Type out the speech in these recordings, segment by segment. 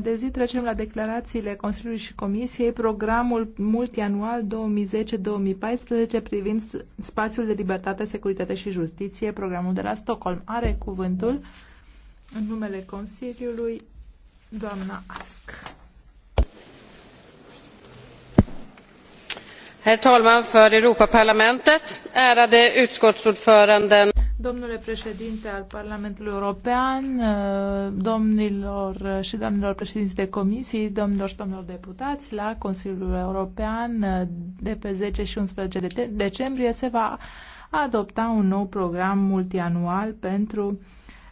De zi trecem la declarațiile Consiliului și Comisiei, programul multianual 2010-2014 privind spațiul de libertate, securitate și justiție, programul de la Stockholm. Are cuvântul în numele Consiliului doamna Ask. Herr talman för Europaparlamentet, ärade utskottsordföranden. Domnule președinte al Parlamentului European, uh, domnilor și domnilor președinți de comisii, domnilor și domnilor deputați, la Consiliul European uh, de pe 10 și 11 decembrie se va adopta un nou program multianual pentru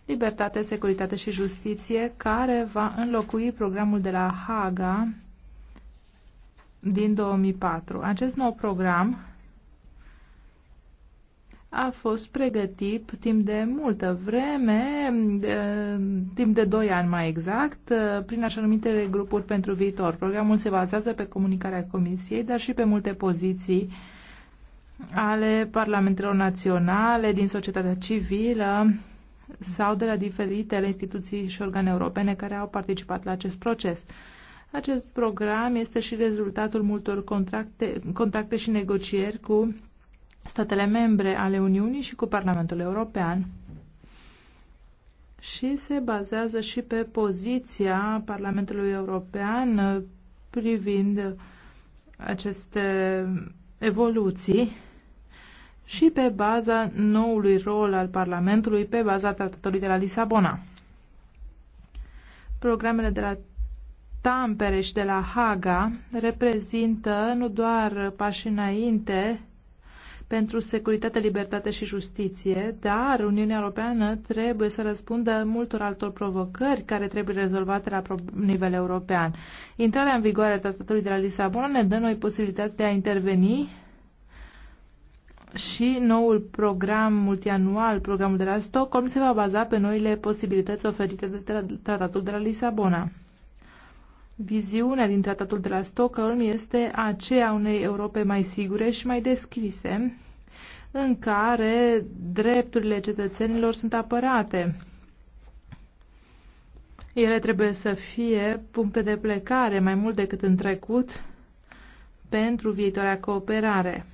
libertate, securitate și justiție care va înlocui programul de la Haga din 2004. Acest nou program a fost pregătit timp de multă vreme, timp de 2 ani mai exact, prin așa numitele grupuri pentru viitor. Programul se bazează pe comunicarea Comisiei, dar și pe multe poziții ale parlamentelor naționale, din societatea civilă sau de la diferitele instituții și organe europene care au participat la acest proces. Acest program este și rezultatul multor contracte, contracte și negocieri cu statele membre ale Uniunii și cu Parlamentul European și se bazează și pe poziția Parlamentului European uh, privind aceste evoluții și pe baza noului rol al Parlamentului, pe baza Tratatului de la Lisabona. Programele de la Tampere și de la Haga reprezintă nu doar pași înainte, pentru securitate, libertate și justiție, dar Uniunea Europeană trebuie să răspundă multor altor provocări care trebuie rezolvate la nivel european. Intrarea în vigoare a Tratatului de la Lisabona ne dă noi posibilitatea de a interveni și noul program multianual, programul de la Stockholm, se va baza pe noile posibilități oferite de Tratatul de la Lisabona. Viziunea din tratatul de la Stockholm este aceea unei Europe mai sigure și mai deschise, în care drepturile cetățenilor sunt apărate. Ele trebuie să fie puncte de plecare mai mult decât în trecut pentru viitoarea cooperare.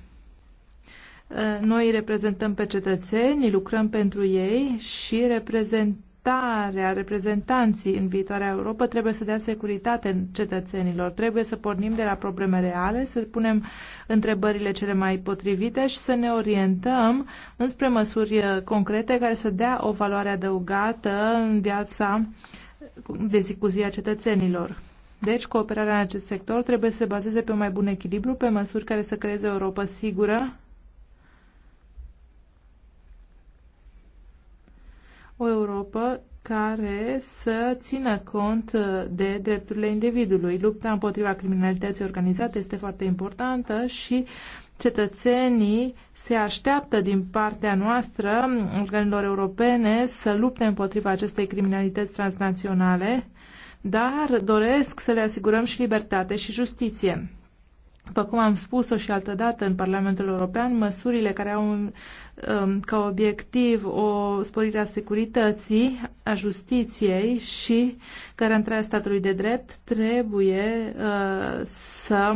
Noi reprezentăm pe cetățeni, lucrăm pentru ei și reprezentăm reprezentarea, reprezentanții în viitoarea Europa trebuie să dea securitate în cetățenilor. Trebuie să pornim de la probleme reale, să punem întrebările cele mai potrivite și să ne orientăm înspre măsuri concrete care să dea o valoare adăugată în viața de zi cu zi a cetățenilor. Deci, cooperarea în acest sector trebuie să se bazeze pe un mai bun echilibru, pe măsuri care să creeze o Europa sigură, o Europa care să țină cont de drepturile individului. Lupta împotriva criminalității organizate este foarte importantă și cetățenii se așteaptă din partea noastră, organelor europene, să lupte împotriva acestei criminalități transnaționale, dar doresc să le asigurăm și libertate și justiție. După cum am spus-o și altădată în Parlamentul European, măsurile care au un, um, ca obiectiv o sporire a securității, a justiției și garantarea statului de drept trebuie uh, să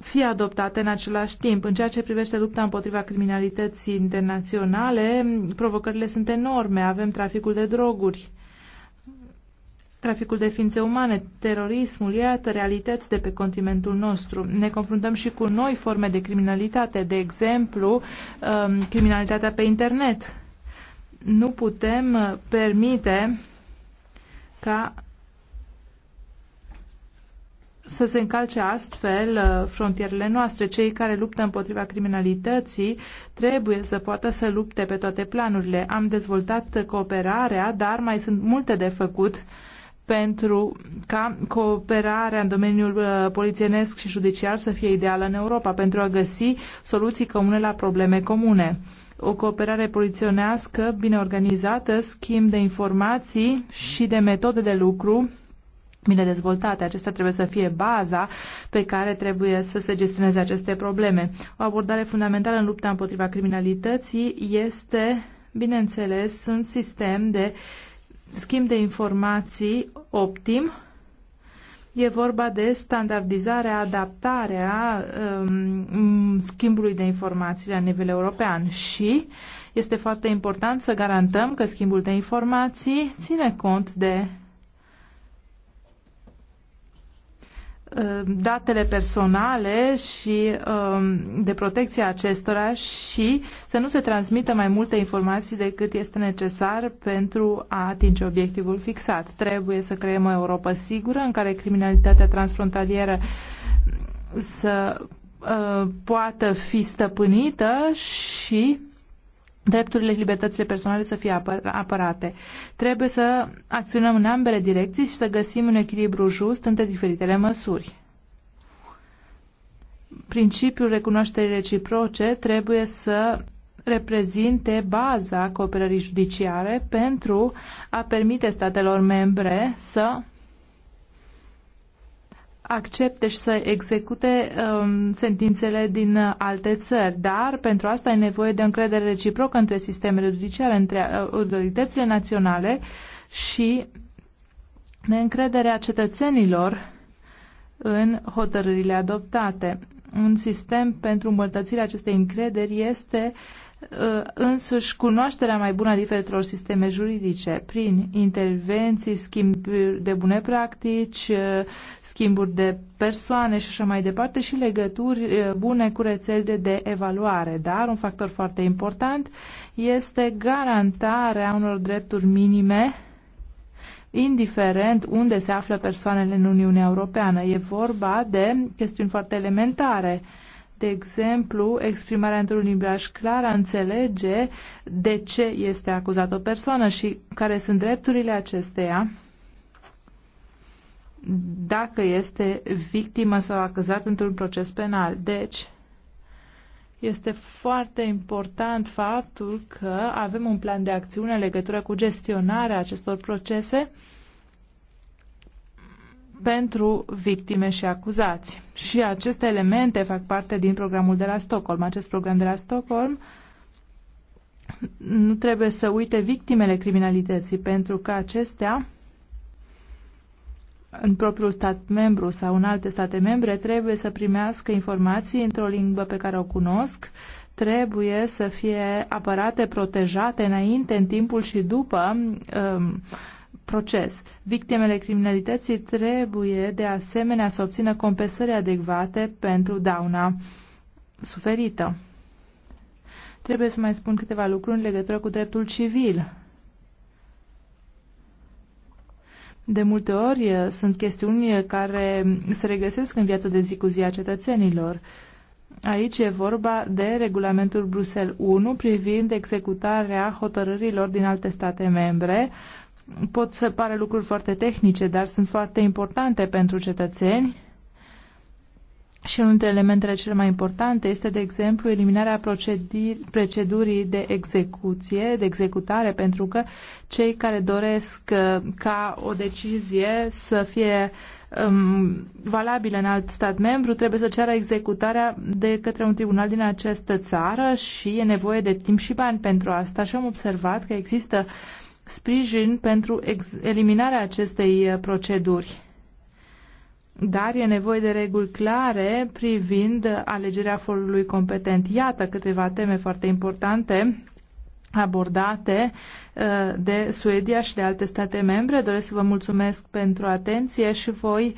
fie adoptate în același timp. În ceea ce privește lupta împotriva criminalității internaționale, provocările sunt enorme. Avem traficul de droguri, traficul de ființe umane, terorismul, iată realități de pe continentul nostru. Ne confruntăm și cu noi forme de criminalitate, de exemplu, um, criminalitatea pe internet. Nu putem uh, permite ca să se încalce astfel uh, frontierele noastre. Cei care luptă împotriva criminalității trebuie să poată să lupte pe toate planurile. Am dezvoltat cooperarea, dar mai sunt multe de făcut pentru ca cooperarea în domeniul uh, polițienesc și judiciar să fie ideală în Europa, pentru a găsi soluții comune la probleme comune. O cooperare poliționească bine organizată, schimb de informații și de metode de lucru bine dezvoltate. Acesta trebuie să fie baza pe care trebuie să se gestioneze aceste probleme. O abordare fundamentală în lupta împotriva criminalității este, bineînțeles, un sistem de uh, schimb de informații optim. E vorba de standardizarea, adaptarea um, schimbului de informații la nivel european și este foarte important să garantăm că schimbul de informații ține cont de Um, datele personale și um, de protecția acestora și să nu se transmită mai multe informații decât este necesar pentru a atinge obiectivul fixat. Trebuie să creăm o Europa sigură în care criminalitatea transfrontalieră să uh, poată fi stăpânită și drepturile și libertățile personale să fie apăr apărate. Trebuie să acționăm în ambele direcții și să găsim un echilibru just între diferitele măsuri. Principiul recunoașterii reciproce trebuie să reprezinte baza cooperării judiciare pentru a permite statelor membre să accepte și să execute um, sentințele din alte țări, dar pentru asta e nevoie de încredere reciprocă între sistemele judiciare, între uh, autoritățile naționale și de încrederea cetățenilor în hotărârile adoptate. Un sistem pentru îmbunătățirea acestei încrederi este uh, Uh, însuși cunoașterea mai bună a diferitelor sisteme juridice prin intervenții, schimburi de bune practici, uh, schimburi de persoane și așa mai departe și legături uh, bune cu rețele de evaluare. Dar un factor foarte important este garantarea unor drepturi minime indiferent unde se află persoanele în Uniunea Europeană. E vorba de chestiuni foarte elementare de exemplu, exprimarea într-un limbaj clar a înțelege de ce este acuzată o persoană și care sunt drepturile acesteia dacă este victimă sau acuzat într-un proces penal. Deci, este foarte important faptul că avem un plan de acțiune în legătură cu gestionarea acestor procese pentru victime și acuzați. Și aceste elemente fac parte din programul de la Stockholm. Acest program de la Stockholm nu trebuie să uite victimele criminalității, pentru că acestea în propriul stat membru sau în alte state membre trebuie să primească informații într-o limbă pe care o cunosc, trebuie să fie apărate, protejate înainte, în timpul și după um, proces. Victimele criminalității trebuie de asemenea să obțină compensări adecvate pentru dauna suferită. Trebuie să mai spun câteva lucruri în legătură cu dreptul civil. De multe ori eh, sunt chestiuni care se regăsesc în viața de zi cu zi a cetățenilor. Aici e vorba de regulamentul Bruxelles 1 privind executarea hotărârilor din alte state membre, pot să pare lucruri foarte tehnice, dar sunt foarte importante pentru cetățeni. Și unul dintre elementele cele mai importante este, de exemplu, eliminarea procedurii de execuție, de executare, pentru că cei care doresc uh, ca o decizie să fie um, valabilă în alt stat membru trebuie să ceară executarea de către un tribunal din această țară și e nevoie de timp și bani pentru asta. Și am observat că există sprijin pentru eliminarea acestei uh, proceduri. Dar e nevoie de reguli clare privind alegerea forului competent. Iată câteva teme foarte importante abordate uh, de Suedia și de alte state membre. Doresc să vă mulțumesc pentru atenție și voi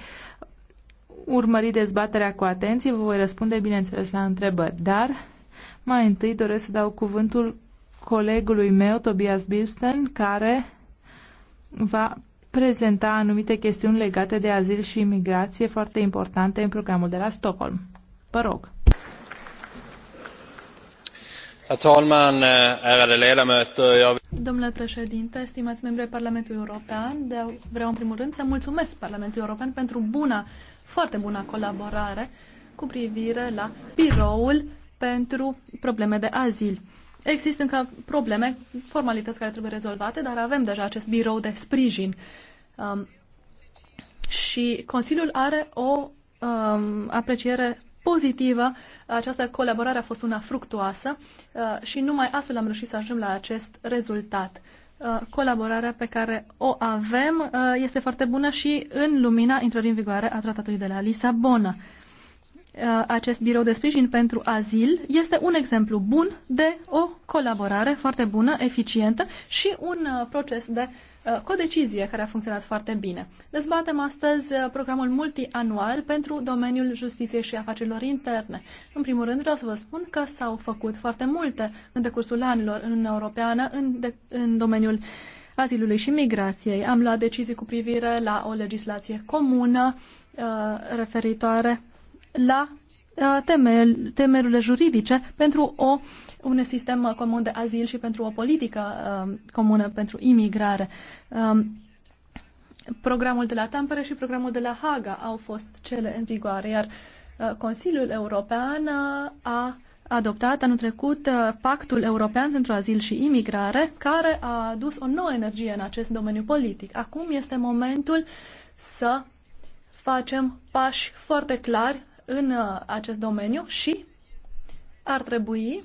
urmări dezbaterea cu atenție, vă voi răspunde, bineînțeles, la întrebări. Dar mai întâi doresc să dau cuvântul colegului meu, Tobias Bilsten, care va prezenta anumite chestiuni legate de azil și imigrație foarte importante în programul de la Stockholm. Vă rog. Eh, Domnule președinte, stimați membri ai Parlamentului European, de vreau în primul rând să mulțumesc Parlamentului European pentru buna, foarte bună colaborare cu privire la biroul pentru probleme de azil. Există încă probleme, formalități care trebuie rezolvate, dar avem deja acest birou de sprijin. Um, și Consiliul are o um, apreciere pozitivă. Această colaborare a fost una fructuoasă uh, și numai astfel am reușit să ajungem la acest rezultat. Uh, colaborarea pe care o avem uh, este foarte bună și în lumina intrării în vigoare a tratatului de la Lisabona. Uh, Uh, acest birou de sprijin pentru azil este un exemplu bun de o colaborare foarte bună, eficientă și un uh, proces de uh, codecizie care a funcționat foarte bine. Dezbatem astăzi programul multianual pentru domeniul justiției și afacerilor interne. În primul rând vreau să vă spun că s-au făcut foarte multe în decursul anilor în Uniunea Europeană în, de, în domeniul azilului și migrației. Am luat decizii cu privire la o legislație comună referitoare la uh, temel, temerurile juridice pentru o, un sistem comun de azil și pentru o politică uh, comună pentru imigrare. Um, programul de la Tampere și programul de la Haga au fost cele în vigoare, iar uh, Consiliul European a adoptat anul trecut Pactul European pentru Azil și Imigrare, care a adus o nouă energie în acest domeniu politic. Acum este momentul să facem pași foarte clari în uh, acest domeniu și ar trebui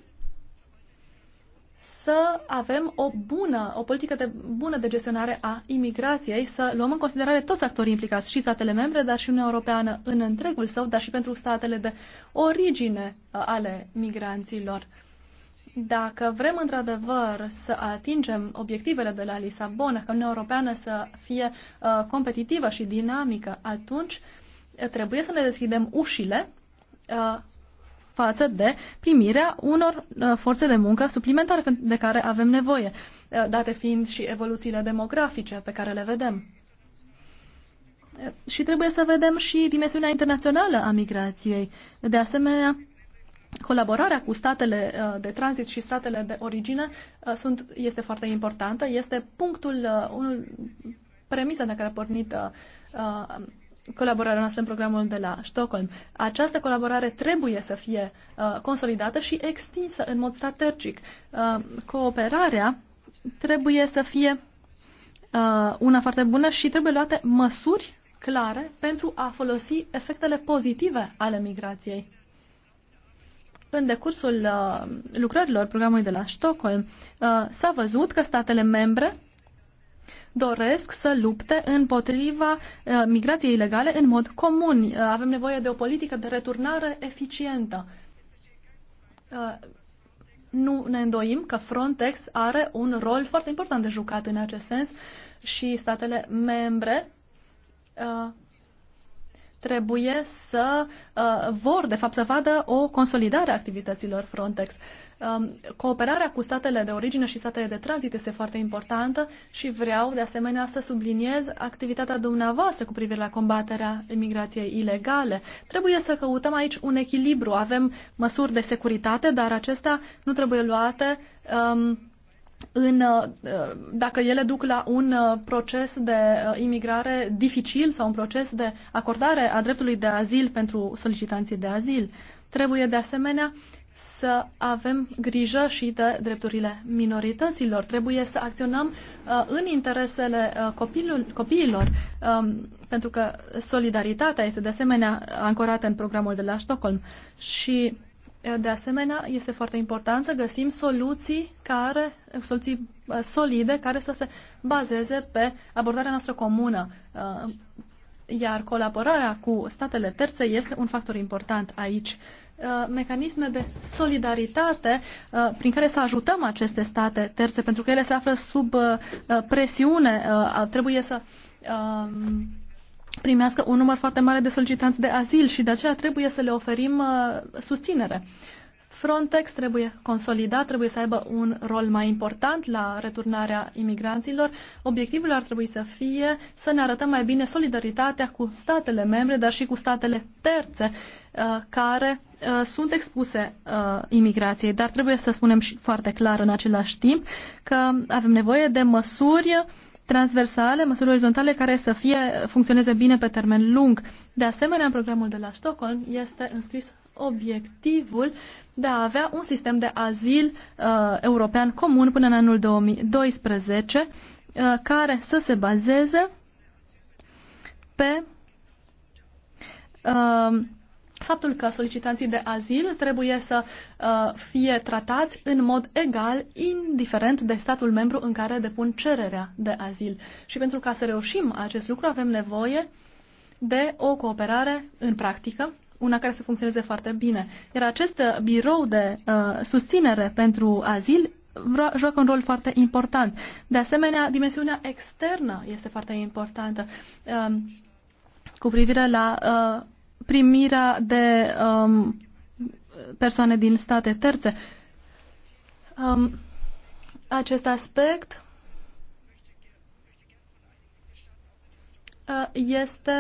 să avem o bună, o politică de, bună de gestionare a imigrației, să luăm în considerare toți actorii implicați, și statele membre, dar și Uniunea Europeană în întregul său, dar și pentru statele de origine uh, ale migranților. Dacă vrem într-adevăr să atingem obiectivele de la Lisabona, ca Uniunea Europeană să fie uh, competitivă și dinamică, atunci uh, trebuie să ne deschidem ușile uh, față de primirea unor uh, forțe de muncă suplimentare de care avem nevoie, uh, date fiind și evoluțiile demografice pe care le vedem. Și trebuie să vedem și dimensiunea internațională a migrației. De asemenea, colaborarea cu statele de tranzit și statele de origine sunt, este foarte importantă. Este punctul, unul, premisa de care a pornit colaborarea noastră în programul de la Stockholm. Această colaborare trebuie să fie uh, consolidată și extinsă în mod strategic. Uh, cooperarea trebuie să fie uh, una foarte bună și trebuie luate măsuri clare pentru a folosi efectele pozitive ale migrației. În decursul uh, lucrărilor programului de la Stockholm uh, s-a văzut că statele membre doresc să lupte împotriva uh, migrației ilegale în mod comun. Uh, avem nevoie de o politică de returnare eficientă. Uh, nu ne îndoim că Frontex are un rol foarte important de jucat în acest sens și statele membre trebuie să vor, de fapt, să vadă o consolidare a activităților Frontex. Um, cooperarea cu statele de origine și statele de tranzit este foarte importantă și vreau, de asemenea, să subliniez activitatea dumneavoastră cu privire la combaterea imigrației ilegale. Trebuie să căutăm aici un echilibru. Avem măsuri de securitate, dar acestea nu trebuie luate. Um, în, uh, dacă ele duc la un uh, proces de uh, imigrare dificil sau un proces de acordare a dreptului de azil pentru solicitanții de azil. Trebuie de asemenea uh, să avem grijă și de drepturile minorităților. Trebuie să acționăm uh, în interesele uh, copilul, copiilor, um, pentru că solidaritatea este de asemenea ancorată în programul de la Stockholm. Și uh, de asemenea este foarte important să găsim soluții care soluții uh, solide care să se bazeze pe abordarea noastră comună. Uh, iar colaborarea cu statele terțe este un factor important aici. Uh, mecanisme de solidaritate uh, prin care să ajutăm aceste state terțe, pentru că ele se află sub uh, presiune, trebuie să um, primească un număr foarte mare de solicitanți de azil și de aceea trebuie să le oferim susținere. Frontex trebuie consolidat, trebuie să aibă un rol mai important la returnarea imigranților. Obiectivul ar trebui să fie să ne arătăm mai bine solidaritatea cu statele membre, dar și cu statele terțe, Uh, care uh, sunt expuse uh, imigrației, dar trebuie să spunem și foarte clar în același timp că avem nevoie de măsuri transversale, măsuri orizontale care să fie funcționeze bine pe termen lung. De asemenea, în programul de la Stockholm este înscris obiectivul de a avea un sistem de azil uh, european comun până în anul 2012 uh, care să se bazeze pe uh, faptul că solicitanții de azil trebuie să uh, fie tratați în mod egal, indiferent de statul membru în care depun cererea de azil. Și pentru ca să reușim acest lucru, avem nevoie de o cooperare în practică, una care să funcționeze foarte bine. Iar acest uh, birou de uh, susținere pentru azil joacă un rol foarte important. De asemenea, dimensiunea externă este foarte importantă. Um, cu privire la uh, primirea de um, persoane din state terțe. Um, acest aspect uh, este,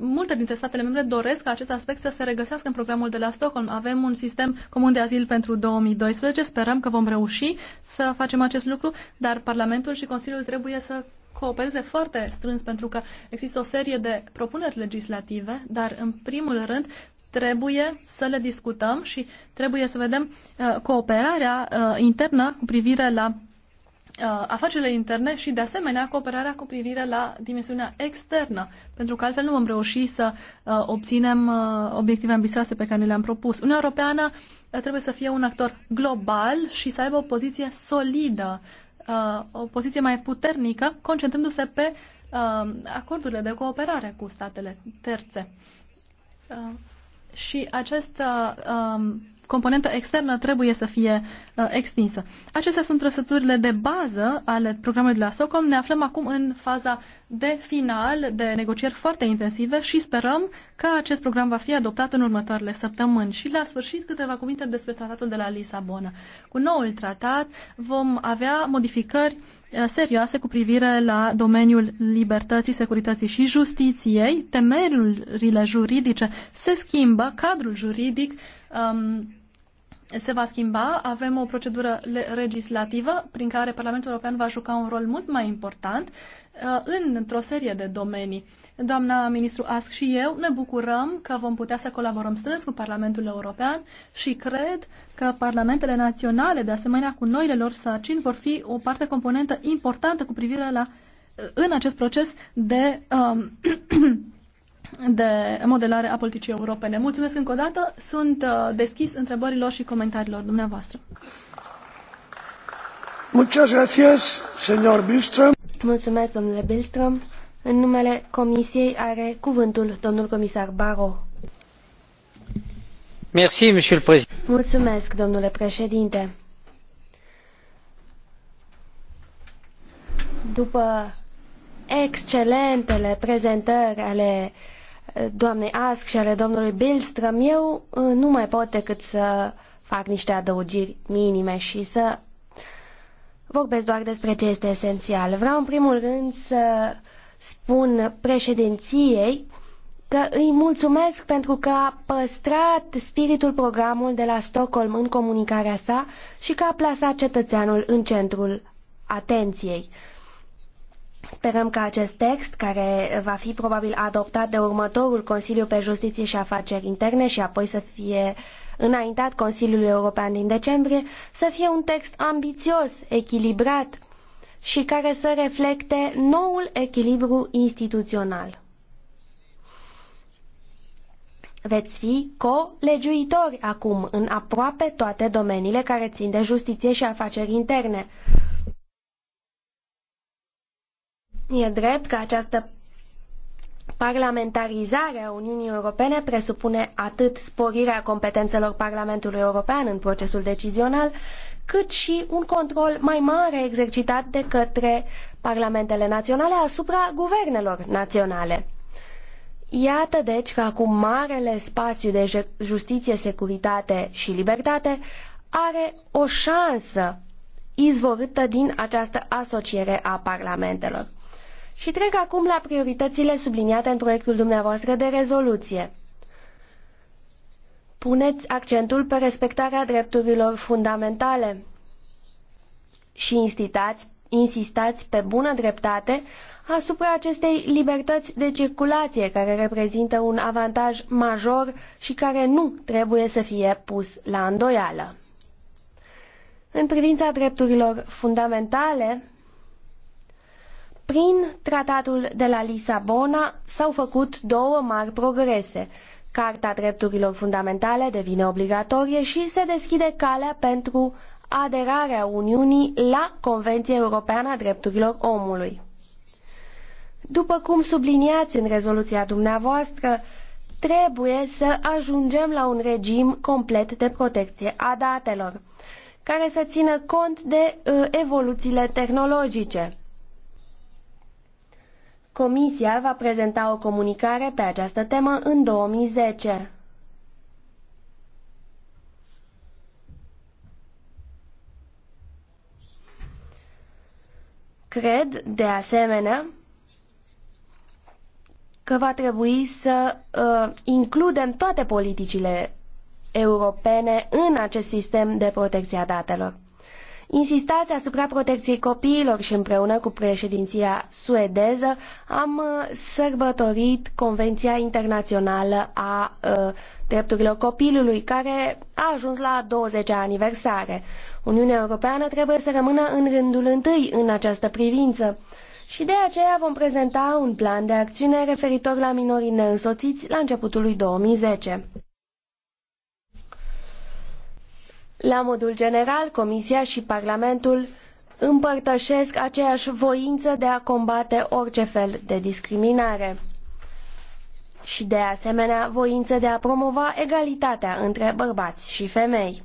multe dintre statele membre doresc ca acest aspect să se regăsească în programul de la Stockholm. Avem un sistem comun de azil pentru 2012, sperăm că vom reuși să facem acest lucru, dar Parlamentul și Consiliul trebuie să coopereze foarte strâns pentru că există o serie de propuneri legislative, dar în primul rând trebuie să le discutăm și trebuie să vedem uh, cooperarea uh, internă cu privire la uh, afacerile interne și, de asemenea, cooperarea cu privire la dimensiunea externă, pentru că altfel nu vom reuși să uh, obținem uh, obiective ambițioase pe care le-am propus. Uniunea Europeană uh, trebuie să fie un actor global și să aibă o poziție solidă uh, o poziție mai puternică, concentrându-se pe uh, acordurile de cooperare cu statele terțe. Uh, și această uh, componentă externă trebuie să fie uh, extinsă. Acestea sunt trăsăturile de bază ale programului de la SOCOM. Ne aflăm acum în faza de final, de negocieri foarte intensive și sperăm că acest program va fi adoptat în următoarele săptămâni. Și la sfârșit câteva cuvinte despre tratatul de la Lisabona. Cu noul tratat vom avea modificări uh, serioase cu privire la domeniul libertății, securității și justiției. Temerurile juridice se schimbă, cadrul juridic um, se va schimba. Avem o procedură legislativă prin care Parlamentul European va juca un rol mult mai important uh, în, într-o serie de domenii. Doamna ministru Ask și eu ne bucurăm că vom putea să colaborăm strâns cu Parlamentul European și cred că parlamentele naționale, de asemenea cu noile lor sarcini, vor fi o parte componentă importantă cu privire la uh, în acest proces de um, de modelare a politicii europene. Mulțumesc încă o dată, sunt uh, deschis întrebărilor și comentariilor dumneavoastră. Muchas gracias, señor Bilström. Mulțumesc, domnule Bilström. În numele Comisiei are cuvântul domnul comisar Baro. Merci, monsieur le président. Mulțumesc, domnule președinte. După excelentele prezentări ale uh, doamnei Ask și ale domnului Billström, eu uh, nu mai pot decât să fac niște adăugiri minime și să vorbesc doar despre ce este esențial. Vreau în primul rând să spun președinției că îi mulțumesc pentru că a păstrat spiritul programul de la Stockholm în comunicarea sa și că a plasat cetățeanul în centrul atenției. Sperăm că acest text, care va fi probabil adoptat de următorul Consiliu pe Justiție și Afaceri Interne și apoi să fie înaintat Consiliului European din decembrie, să fie un text ambițios, echilibrat și care să reflecte noul echilibru instituțional. Veți fi co-legiuitori acum în aproape toate domeniile care țin de justiție și afaceri interne E drept că această parlamentarizare a Uniunii Europene presupune atât sporirea competențelor Parlamentului European în procesul decizional, cât și un control mai mare exercitat de către parlamentele naționale asupra guvernelor naționale. Iată deci că acum marele spațiu de justiție, securitate și libertate are o șansă izvorâtă din această asociere a parlamentelor. Și trec acum la prioritățile subliniate în proiectul dumneavoastră de rezoluție. Puneți accentul pe respectarea drepturilor fundamentale și insistați pe bună dreptate asupra acestei libertăți de circulație care reprezintă un avantaj major și care nu trebuie să fie pus la îndoială. În privința drepturilor fundamentale, prin tratatul de la Lisabona s-au făcut două mari progrese. Carta drepturilor fundamentale devine obligatorie și se deschide calea pentru aderarea Uniunii la Convenția Europeană a Drepturilor Omului. După cum subliniați în rezoluția dumneavoastră, trebuie să ajungem la un regim complet de protecție a datelor, care să țină cont de uh, evoluțiile tehnologice Comisia va prezenta o comunicare pe această temă în 2010. Cred, de asemenea, că va trebui să uh, includem toate politicile europene în acest sistem de protecție a datelor. Insistați asupra protecției copiilor și împreună cu președinția suedeză am uh, sărbătorit Convenția Internațională a uh, Drepturilor Copilului, care a ajuns la 20-a aniversare. Uniunea Europeană trebuie să rămână în rândul întâi în această privință și de aceea vom prezenta un plan de acțiune referitor la minorii neînsoțiți la începutul lui 2010. La modul general, Comisia și Parlamentul împărtășesc aceeași voință de a combate orice fel de discriminare și de asemenea voință de a promova egalitatea între bărbați și femei.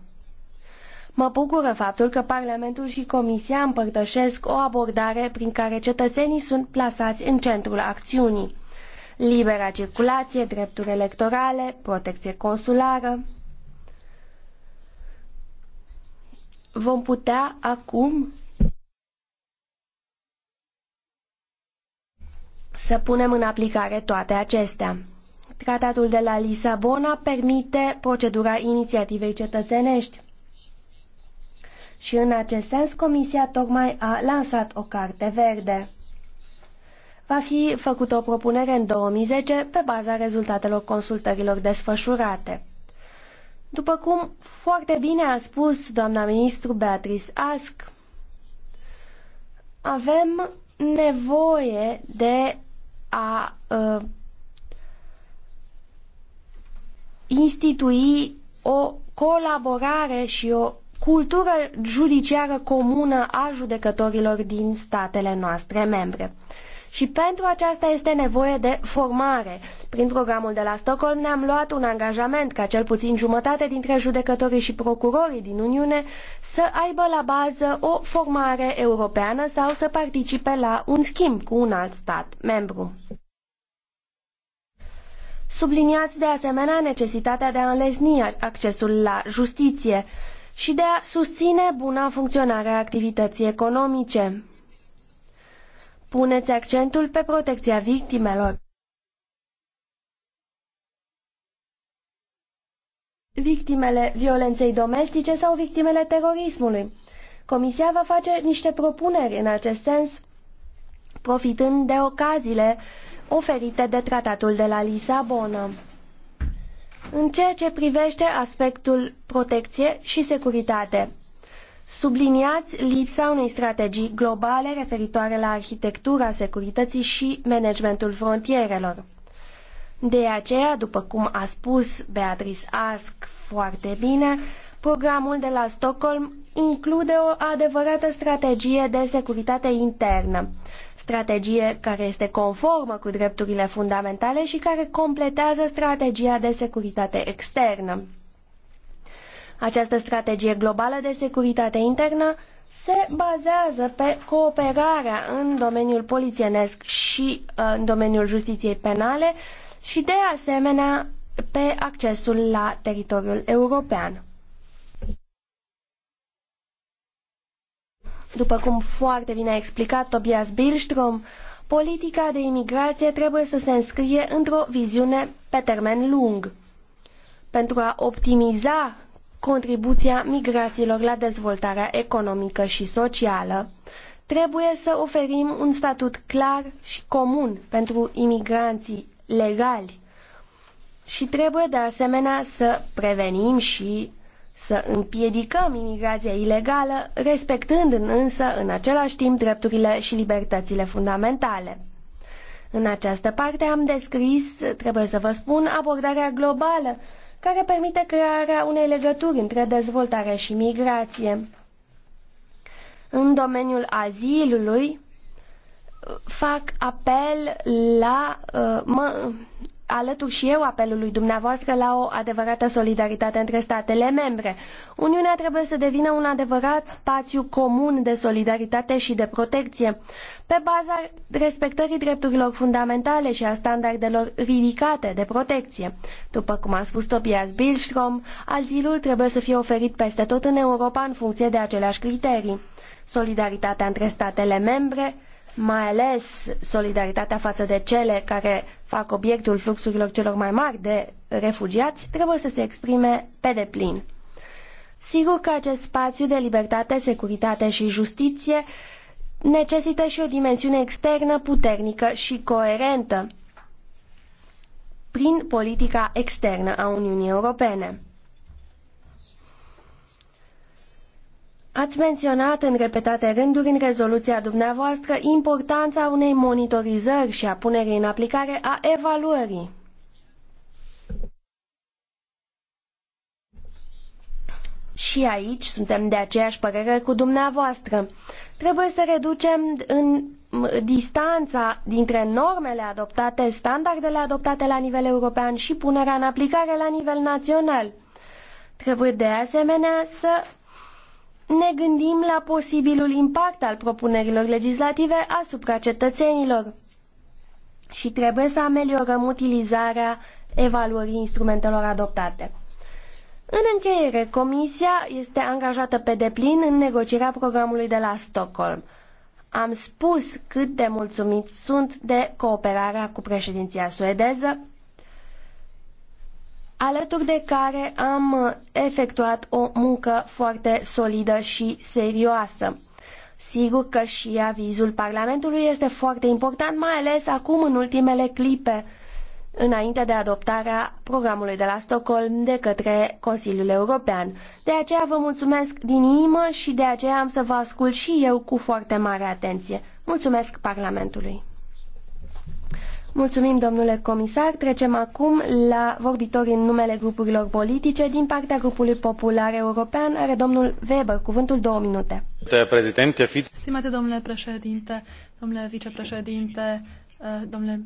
Mă bucură faptul că Parlamentul și Comisia împărtășesc o abordare prin care cetățenii sunt plasați în centrul acțiunii. Libera circulație, drepturi electorale, protecție consulară, vom putea acum să punem în aplicare toate acestea. Tratatul de la Lisabona permite procedura inițiativei cetățenești. Și în acest sens, Comisia tocmai a lansat o carte verde. Va fi făcută o propunere în 2010 pe baza rezultatelor consultărilor desfășurate. După cum foarte bine a spus doamna ministru Beatrice Ask, avem nevoie de a uh, institui o colaborare și o cultură judiciară comună a judecătorilor din statele noastre membre. Și pentru aceasta este nevoie de formare. Prin programul de la Stockholm ne-am luat un angajament ca cel puțin jumătate dintre judecătorii și procurorii din Uniune să aibă la bază o formare europeană sau să participe la un schimb cu un alt stat membru. Subliniați de asemenea necesitatea de a înlesni accesul la justiție și de a susține buna funcționare a activității economice. Puneți accentul pe protecția victimelor. Victimele violenței domestice sau victimele terorismului. Comisia va face niște propuneri în acest sens, profitând de ocaziile oferite de tratatul de la Lisabona. În ceea ce privește aspectul protecție și securitate, Subliniați lipsa unei strategii globale referitoare la arhitectura securității și managementul frontierelor. De aceea, după cum a spus Beatrice Ask foarte bine, programul de la Stockholm include o adevărată strategie de securitate internă, strategie care este conformă cu drepturile fundamentale și care completează strategia de securitate externă. Această strategie globală de securitate internă se bazează pe cooperarea în domeniul polițienesc și uh, în domeniul justiției penale și de asemenea pe accesul la teritoriul european. După cum foarte bine a explicat Tobias Billström, politica de imigrație trebuie să se înscrie într-o viziune pe termen lung. Pentru a optimiza contribuția migraților la dezvoltarea economică și socială. Trebuie să oferim un statut clar și comun pentru imigranții legali și trebuie de asemenea să prevenim și să împiedicăm imigrația ilegală, respectând însă în același timp drepturile și libertățile fundamentale. În această parte am descris, trebuie să vă spun, abordarea globală care permite crearea unei legături între dezvoltare și migrație. În domeniul azilului fac apel la uh, mă, alătur și eu apelului dumneavoastră la o adevărată solidaritate între statele membre. Uniunea trebuie să devină un adevărat spațiu comun de solidaritate și de protecție, pe baza respectării drepturilor fundamentale și a standardelor ridicate de protecție. După cum a spus Tobias Billstrom, azilul trebuie să fie oferit peste tot în Europa în funcție de aceleași criterii. Solidaritatea între statele membre, mai ales solidaritatea față de cele care fac obiectul fluxurilor celor mai mari de refugiați, trebuie să se exprime pe deplin. Sigur că acest spațiu de libertate, securitate și justiție necesită și o dimensiune externă puternică și coerentă prin politica externă a Uniunii Europene. Ați menționat în repetate rânduri în rezoluția dumneavoastră importanța unei monitorizări și a punerii în aplicare a evaluării. Și aici suntem de aceeași părere cu dumneavoastră. Trebuie să reducem în distanța dintre normele adoptate, standardele adoptate la nivel european și punerea în aplicare la nivel național. Trebuie de asemenea să ne gândim la posibilul impact al propunerilor legislative asupra cetățenilor și trebuie să ameliorăm utilizarea evaluării instrumentelor adoptate. În încheiere, Comisia este angajată pe deplin în negocierea programului de la Stockholm. Am spus cât de mulțumiți sunt de cooperarea cu președinția suedeză alături de care am efectuat o muncă foarte solidă și serioasă. Sigur că și avizul Parlamentului este foarte important, mai ales acum în ultimele clipe, înainte de adoptarea programului de la Stockholm de către Consiliul European. De aceea vă mulțumesc din inimă și de aceea am să vă ascult și eu cu foarte mare atenție. Mulțumesc Parlamentului! Mulțumim, domnule comisar. Trecem acum la vorbitorii în numele grupurilor politice. Din partea grupului popular european are domnul Weber cuvântul două minute. Președinte, fiți... Stimate domnule președinte, domnule vicepreședinte, eh, domnule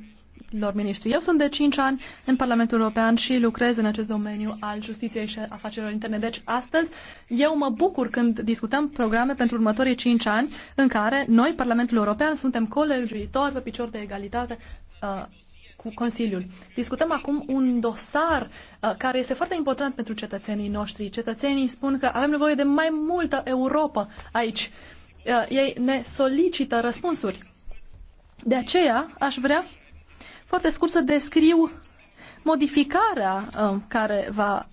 lor miniștri. Eu sunt de 5 ani în Parlamentul European și lucrez în acest domeniu al justiției și afacerilor interne. Deci astăzi eu mă bucur când discutăm programe pentru următorii 5 ani în care noi, Parlamentul European, suntem colegiuitori pe picior de egalitate Uh, cu Consiliul. Discutăm acum un dosar uh, care este foarte important pentru cetățenii noștri. Cetățenii spun că avem nevoie de mai multă Europa aici. Uh, ei ne solicită răspunsuri. De aceea aș vrea foarte scurt să descriu modificarea care va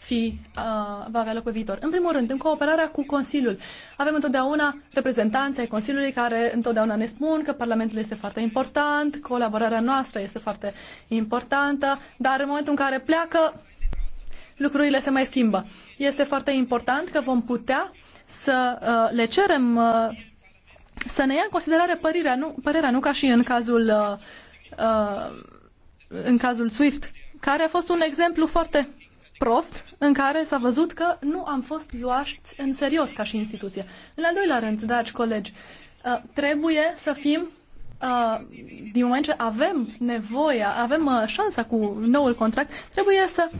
fi, uh, va avea loc pe viitor. În primul rând, în cooperarea cu Consiliul. Avem întotdeauna reprezentanții ai Consiliului care întotdeauna ne spun că Parlamentul este foarte important, colaborarea noastră este foarte importantă, dar în momentul în care pleacă, lucrurile se mai schimbă. Este foarte important că vom putea să uh, le cerem uh, să ne ia în considerare părerea, nu, părerea, nu ca și în cazul, uh, uh, în cazul SWIFT, care a fost un exemplu foarte prost în care s-a văzut că nu am fost luați în serios ca și instituție. În al doilea rând, dragi colegi, uh, trebuie să fim uh, din moment ce avem nevoia, avem uh, șansa cu noul contract, trebuie să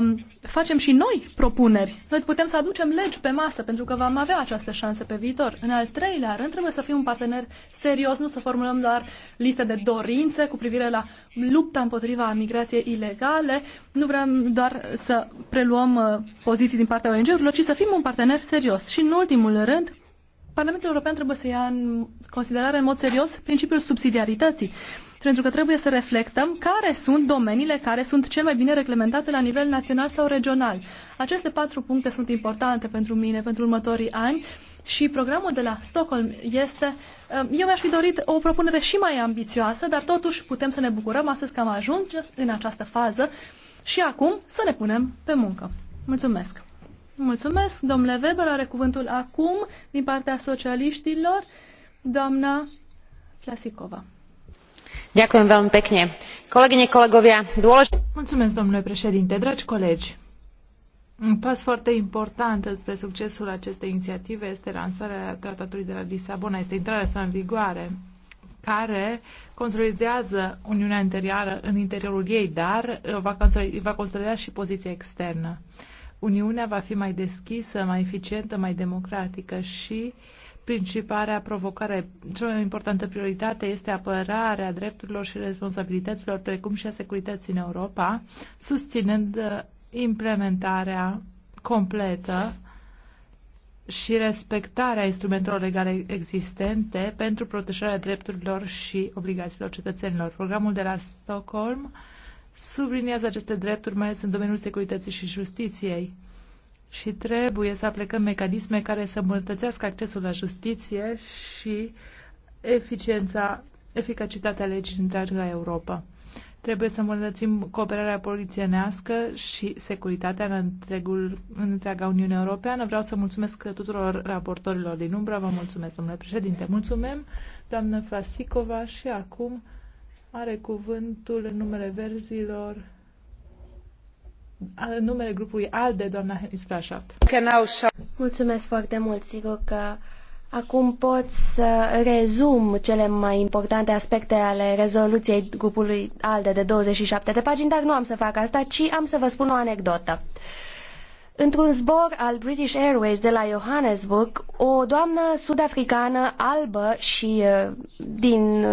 Um, facem și noi propuneri. Noi putem să aducem legi pe masă, pentru că vom avea această șansă pe viitor. În al treilea rând, trebuie să fim un partener serios, nu să formulăm doar liste de dorințe cu privire la lupta împotriva migrației ilegale. Nu vrem doar să preluăm uh, poziții din partea ONG-urilor, ci să fim un partener serios. Și în ultimul rând, Parlamentul European trebuie să ia în considerare în mod serios principiul subsidiarității pentru că trebuie să reflectăm care sunt domeniile care sunt cel mai bine reglementate la nivel național sau regional. Aceste patru puncte sunt importante pentru mine pentru următorii ani și programul de la Stockholm este... Eh, eu mi-aș fi dorit o propunere și mai ambițioasă, dar totuși putem să ne bucurăm astăzi că am ajuns în această fază și acum să ne punem pe muncă. Mulțumesc! Mulțumesc! Domnule Weber are cuvântul acum din partea socialiștilor, doamna Plasicova un pas foarte important spre succesul acestei inițiative este lansarea tratatului de la lisabona este intrarea sa în vigoare care consolidează uniunea interioară în interiorul ei dar uh, va consolida, va consolida și poziția externă. uniunea va fi mai deschisă mai eficientă mai democratică și uh, Principarea provocare, cea mai importantă prioritate este apărarea drepturilor și responsabilităților, precum și a securității în Europa, susținând uh, implementarea completă și respectarea instrumentelor legale existente pentru protejarea drepturilor și obligațiilor cetățenilor. Programul de la Stockholm subliniază aceste drepturi, mai ales în domeniul securității și justiției și trebuie să aplicăm mecanisme care să îmbunătățească accesul la justiție și eficiența, eficacitatea legii în întreaga Europa. Trebuie să îmbunătățim cooperarea polițienească și securitatea în, întregul, în întreaga Uniune Europeană. Vreau să mulțumesc tuturor raportorilor din Umbra. Vă mulțumesc, domnule președinte. Mulțumim, doamnă Frasicova, și acum are cuvântul în numele verzilor în numele grupului ALDE, doamna Henis Flașat. Mulțumesc foarte mult, sigur că Acum pot să rezum cele mai importante aspecte ale rezoluției grupului ALDE de 27 de pagini, dar nu am să fac asta, ci am să vă spun o anecdotă. Uh, Într-un zbor al British Airways de la Johannesburg, o doamnă sud-africană albă și uh, din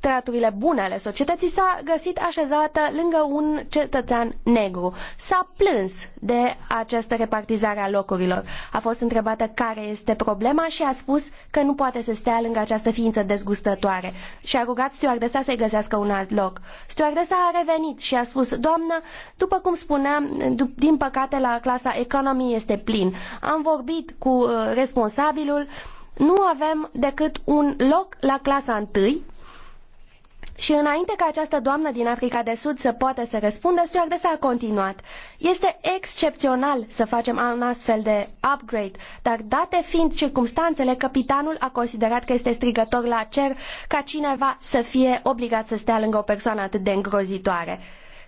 straturile bune ale societății s-a găsit așezată lângă un cetățean negru. S-a plâns de această repartizare a locurilor. A fost întrebată care este problema și a spus că nu poate să stea lângă această ființă dezgustătoare și a rugat stewardesa să-i găsească un alt loc. Stewardesa a revenit și a spus, doamnă, după cum spuneam, din păcate la clasa Economy este plin. Am vorbit cu uh, responsabilul, nu avem decât un loc la clasa întâi, și înainte ca această doamnă din Africa de Sud să poată să răspundă, stewardesa a continuat. Este excepțional să facem un astfel de upgrade, dar date fiind circumstanțele, capitanul a considerat că este strigător la cer ca cineva să fie obligat să stea lângă o persoană atât de îngrozitoare.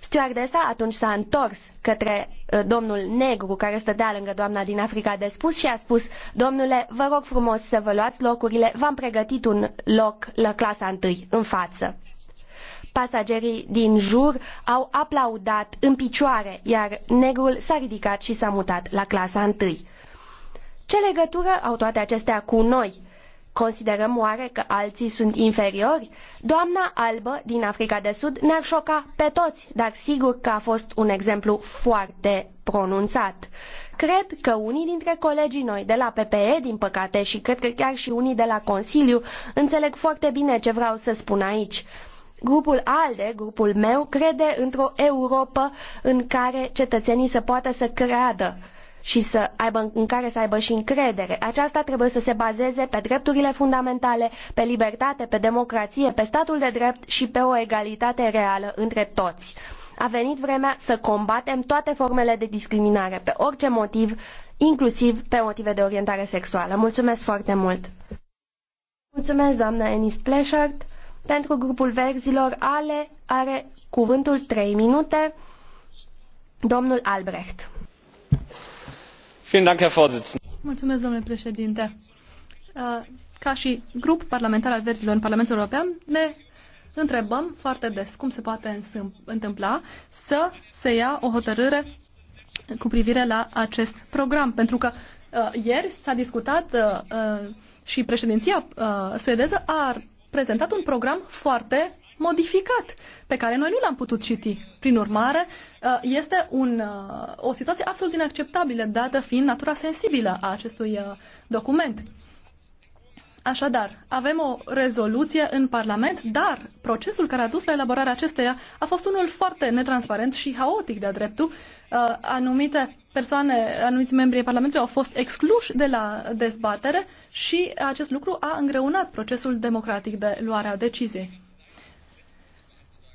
Stewardesa atunci s-a întors către uh, domnul negru care stătea lângă doamna din Africa de spus și a spus Domnule, vă rog frumos să vă luați locurile, v-am pregătit un loc la clasa întâi, în față. Pasagerii din jur au aplaudat în picioare, iar negrul s-a ridicat și s-a mutat la clasa întâi. Ce legătură au toate acestea cu noi? Considerăm oare că alții sunt inferiori? Doamna albă din Africa de Sud ne-ar șoca pe toți, dar sigur că a fost un exemplu foarte pronunțat. Cred că unii dintre colegii noi de la PPE, din păcate, și cred că chiar și unii de la Consiliu, înțeleg foarte bine ce vreau să spun aici. Grupul ALDE, grupul meu, crede într-o Europa în care cetățenii să poată să creadă și să aibă, în care să aibă și încredere. Aceasta trebuie să se bazeze pe drepturile fundamentale, pe libertate, pe democrație, pe statul de drept și pe o egalitate reală între toți. A venit vremea să combatem toate formele de discriminare, pe orice motiv, inclusiv pe motive de orientare sexuală. Mulțumesc foarte mult! Mulțumesc, doamna Enis Pleșart. Pentru grupul verzilor ale are cuvântul 3 minute, domnul Albrecht. Mulțumesc, domnule președinte. Uh, ca și grup parlamentar al verzilor în Parlamentul European, ne întrebăm foarte des cum se poate întâmpla să se ia o hotărâre cu privire la acest program. Pentru că uh, ieri s-a discutat uh, uh, și președinția uh, suedeză a prezentat un program foarte modificat, pe care noi nu l-am putut citi. Prin urmare, uh, este un, uh, o situație absolut inacceptabilă, dată fiind natura sensibilă a acestui uh, document. Așadar, avem o rezoluție în Parlament, dar procesul care a dus la elaborarea acesteia a fost unul foarte netransparent și haotic de-a dreptul. Anumite persoane, anumiți membri ai Parlamentului au fost excluși de la dezbatere și acest lucru a îngreunat procesul democratic de luare a deciziei.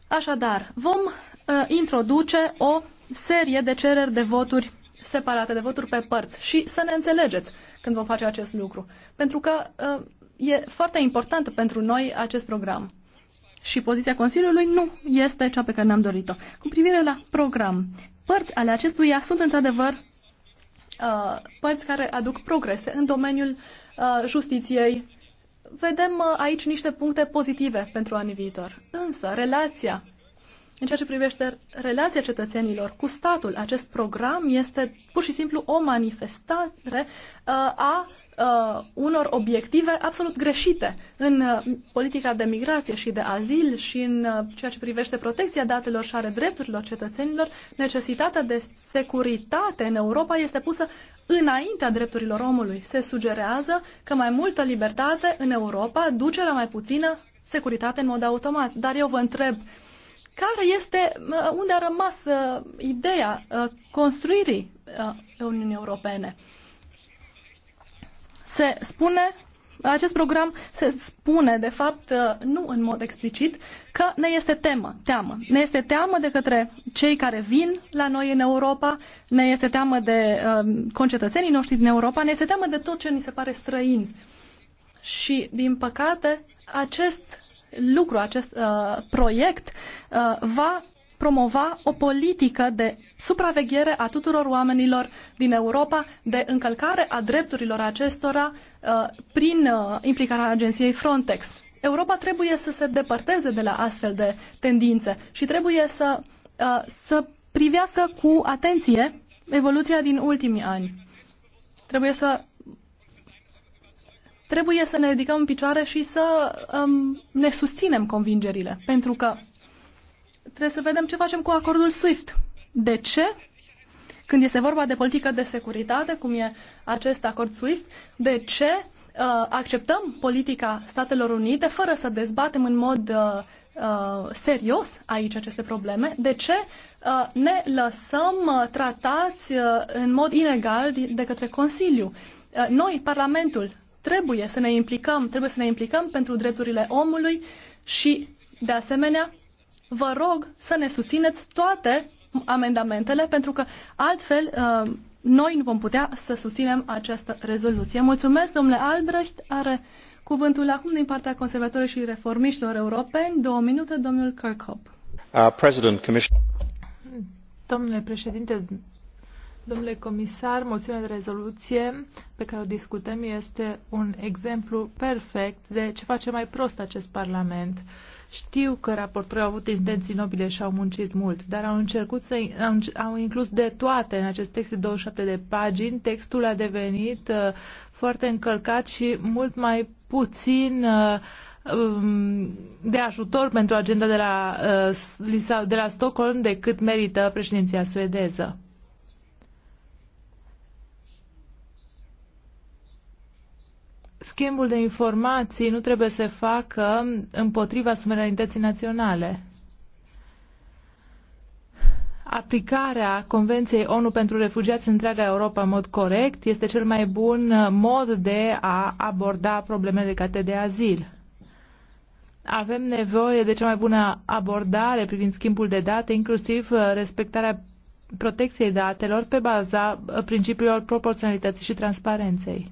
Așadar, vom uh, introduce o serie de cereri de voturi separate, de voturi pe părți și să ne înțelegeți când vom face acest lucru. Pentru că uh, e foarte important pentru noi acest program. Și poziția Consiliului nu este cea pe care ne-am dorit-o. Cu privire la program, părți ale acestuia sunt într-adevăr uh, părți care aduc progrese în domeniul uh, justiției, vedem uh, aici niște puncte pozitive pentru anii viitor. Însă, relația, în ceea ce privește relația cetățenilor cu statul, acest program este pur și simplu o manifestare uh, a uh, unor obiective absolut greșite în politica de migrație și de azil și în ceea ce privește protecția datelor și ale drepturilor cetățenilor, necesitatea de securitate în Europa este pusă înaintea drepturilor omului. Se sugerează că mai multă libertate în Europa duce la mai puțină securitate în mod automat. Dar eu vă întreb, care este, uh, unde a rămas uh, ideea uh, construirii uh, Uniunii Europene? Se spune acest program se spune, de fapt, uh, nu în mod explicit, că ne este temă, teamă. Ne este teamă de către cei care vin la noi în Europa, ne este teamă de um, concetățenii noștri din Europa, ne este teamă de tot ce ni se pare străin. Și, din păcate, acest lucru, acest uh, proiect uh, va promova o politică de supraveghere a tuturor oamenilor din Europa, de încălcare a drepturilor acestora uh, prin uh, implicarea agenției Frontex. Europa trebuie să se depărteze de la astfel de tendințe și trebuie să, uh, să privească cu atenție evoluția din ultimii ani. Trebuie să trebuie să ne ridicăm în picioare și să um, ne susținem convingerile, pentru că trebuie să vedem ce facem cu acordul SWIFT. De ce? Când este vorba de politică de securitate, cum e acest acord SWIFT, de ce uh, acceptăm politica Statelor Unite fără să dezbatem în mod uh, uh, serios aici aceste probleme? De ce uh, ne lăsăm uh, tratați uh, în mod inegal de către Consiliu? Uh, noi, Parlamentul, trebuie să ne implicăm, trebuie să ne implicăm pentru drepturile omului și, de asemenea, vă rog să ne susțineți toate amendamentele, pentru că altfel uh, noi nu vom putea să susținem această rezoluție. Mulțumesc, domnule Albrecht. Are cuvântul acum din partea conservatorilor și reformiștilor europeni. Două minute, domnul Kirkhope. Uh, President, Domnule președinte, domnule comisar, moțiunea de rezoluție pe care o discutăm este un exemplu perfect de ce face mai prost acest Parlament. Uh, știu că raportorii au avut intenții nobile și au muncit mult, dar au încercat să au, au inclus de toate în acest text de 27 de pagini. Textul a devenit uh, foarte încălcat și mult mai puțin uh, um, de ajutor pentru agenda de la, uh, de la Stockholm decât merită președinția suedeză. schimbul de informații nu trebuie să facă împotriva suveranității naționale. Aplicarea Convenției ONU pentru refugiați în întreaga Europa în mod corect este cel mai bun mod de a aborda problemele legate de azil. Avem nevoie de cea mai bună abordare privind schimbul de date, inclusiv respectarea protecției datelor pe baza principiilor proporționalității și transparenței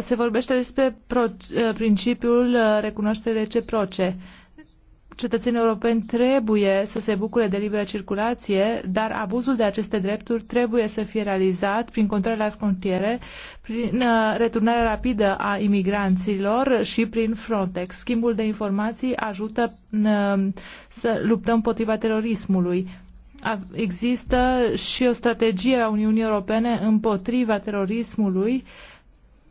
se vorbește despre eh, principiul eh, recunoașterii reciproce. Cetățenii europeni trebuie să se bucure de liberă circulație, dar abuzul de aceste drepturi trebuie să fie realizat prin controle la frontiere, prin eh, returnarea rapidă a imigranților și prin Frontex. Schimbul de informații ajută să luptăm împotriva terorismului. Există și o strategie a Uniunii Europene împotriva terorismului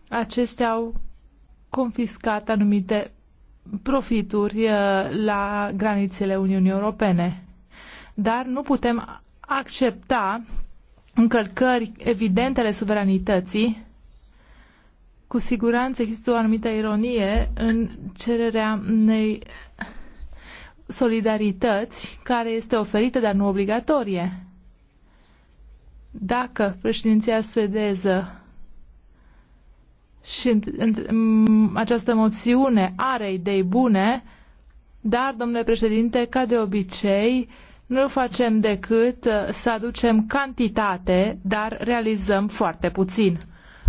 acestea au confiscat anumite profituri uh, la granițele Uniunii Europene. Dar nu putem accepta încălcări evidente ale suveranității. Cu siguranță există o anumită ironie în cererea unei solidarități care este oferită, dar nu obligatorie. Dacă președinția suedeză și această moțiune are idei bune, dar, domnule președinte, ca de obicei, nu facem decât uh, să aducem cantitate, dar realizăm foarte puțin.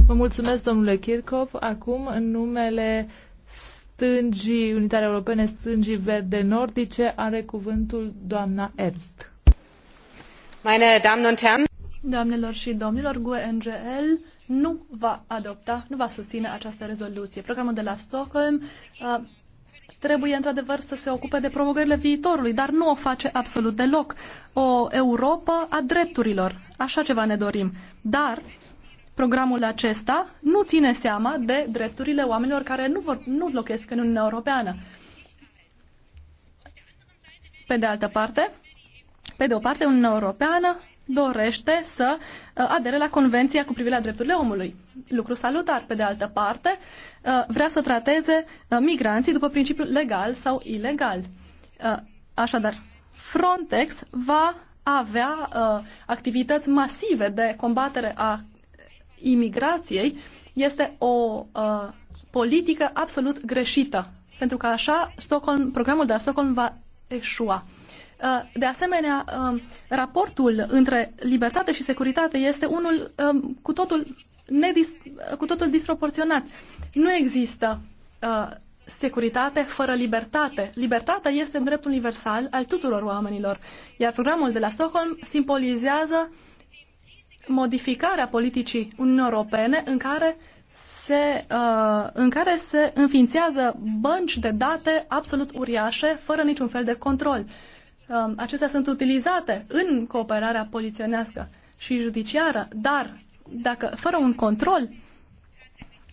Vă mulțumesc, domnule Kirchhoff. Acum, în numele stângii unitare europene, stângii verde nordice, are cuvântul doamna Ernst. Meine Damen und Herren, Doamnelor și domnilor, GUE NGL nu va adopta, nu va susține această rezoluție. Programul de la Stockholm uh, trebuie într-adevăr să se ocupe de provocările viitorului, dar nu o face absolut deloc. O Europa a drepturilor, așa ceva ne dorim. Dar programul acesta nu ține seama de drepturile oamenilor care nu, vor, nu locuiesc în Uniunea Europeană. Pe de altă parte, pe de o parte, Uniunea Europeană dorește să uh, adere la Convenția cu privire la drepturile omului. Lucru salutar. Pe de altă parte, uh, vrea să trateze uh, migranții după principiul legal sau ilegal. Așadar, Frontex va avea activități masive de combatere a imigrației. Este o politică absolut greșită, pentru că așa Stockholm, programul de la Stockholm va eșua. Uh, de asemenea, uh, raportul între libertate și securitate este unul um, cu totul, nedis, cu totul disproporționat. Nu există uh, securitate fără libertate. Libertatea este dreptul universal al tuturor oamenilor, iar programul de la Stockholm simbolizează modificarea politicii Uniunii Europene în care se, uh, în care se înființează bănci de date absolut uriașe, fără niciun fel de control. Uh, Um, acestea sunt utilizate în cooperarea poliționească și judiciară, dar dacă fără un control,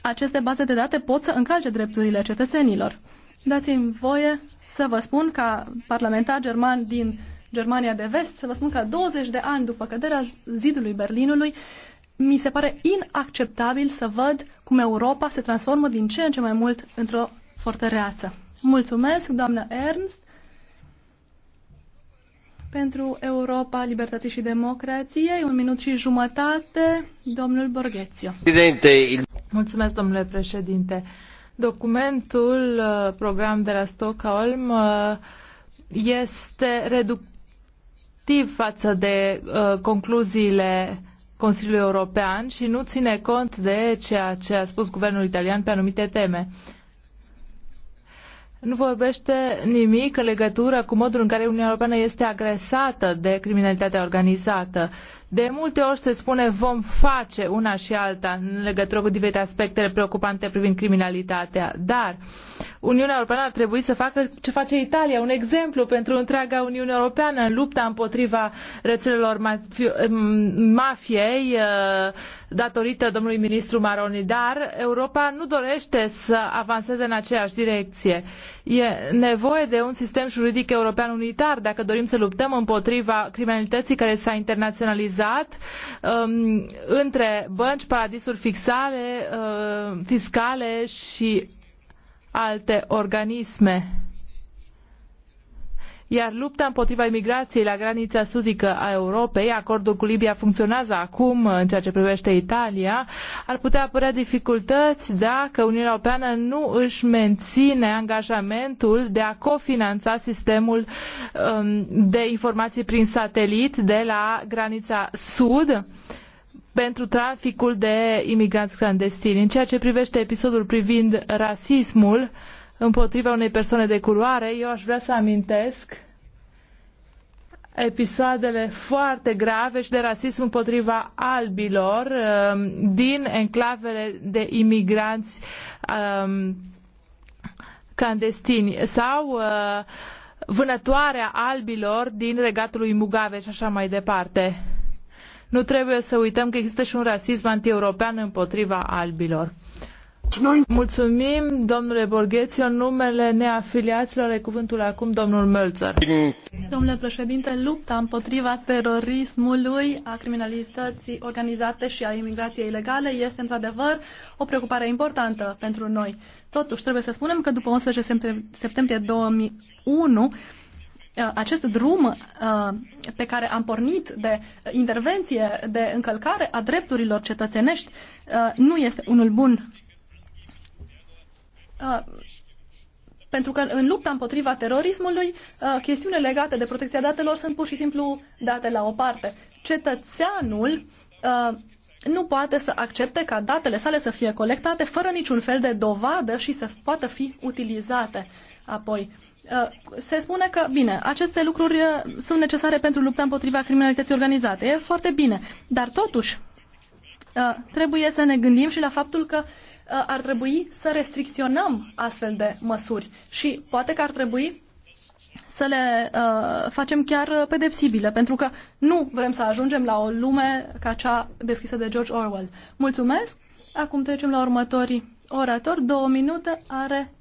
aceste baze de date pot să încalce drepturile cetățenilor. Dați-mi voie să vă spun ca parlamentar german din Germania de Vest, să vă spun că 20 de ani după căderea zidului Berlinului, mi se pare inacceptabil să văd cum Europa se transformă din ce în ce mai mult într-o fortăreață. Mulțumesc, doamnă Ernst pentru Europa, Libertate și Democrație. Un minut și jumătate, domnul Borghețiu. Mulțumesc, domnule președinte. Documentul, uh, program de la Stockholm, uh, este reductiv față de uh, concluziile Consiliului European și nu ține cont de ceea ce a spus guvernul italian pe anumite teme nu vorbește nimic în legătură cu modul în care Uniunea Europeană este agresată de criminalitatea organizată. De multe ori se spune vom face una și alta în legătură cu diferite aspecte preocupante privind criminalitatea, dar Uniunea Europeană ar trebui să facă ce face Italia, un exemplu pentru întreaga Uniune Europeană în lupta împotriva rețelelor mafiei uh, datorită domnului ministru Maroni, dar Europa nu dorește să avanseze în aceeași direcție. E nevoie de un sistem juridic european unitar dacă dorim să luptăm împotriva criminalității care s-a internaționalizat um, între bănci, paradisuri fixale, uh, fiscale și alte organisme. Iar lupta împotriva imigrației la granița sudică a Europei, acordul cu Libia funcționează acum în ceea ce privește Italia, ar putea apărea dificultăți dacă Uniunea Europeană nu își menține angajamentul de a cofinanța sistemul um, de informații prin satelit de la granița sud pentru traficul de imigranți clandestini. În ceea ce privește episodul privind rasismul, uh, împotriva unei persoane de culoare, eu aș vrea să amintesc episoadele foarte grave și de rasism împotriva albilor um, din enclavele de imigranți um, clandestini sau uh, vânătoarea albilor din regatul lui Mugave și așa mai departe. Nu trebuie să uităm că există și un rasism antieuropean împotriva albilor. Deci Mulțumim, domnule Borghețiu. Numele neafiliaților e cuvântul acum domnul Mölzer. Domnule președinte, lupta împotriva terorismului, a criminalității organizate și a imigrației ilegale este într-adevăr o preocupare importantă pentru noi. Totuși, trebuie să spunem că după 11 septembrie 2001, uh, acest drum uh, pe care am pornit de intervenție, de încălcare a drepturilor cetățenești, uh, nu este unul bun pentru că în lupta împotriva terorismului, chestiunile legate de protecția datelor sunt pur și simplu date la o parte. Cetățeanul nu poate să accepte ca datele sale să fie colectate fără niciun fel de dovadă și să poată fi utilizate apoi. Se spune că, bine, aceste lucruri sunt necesare pentru lupta împotriva criminalității organizate. E foarte bine. Dar, totuși, trebuie să ne gândim și la faptul că Uh, ar trebui să restricționăm astfel de măsuri și poate că ar trebui să le uh, facem chiar pedepsibile, pentru că nu vrem să ajungem la o lume ca cea deschisă de George Orwell. Mulțumesc! Acum trecem la următorii oratori. Două minute are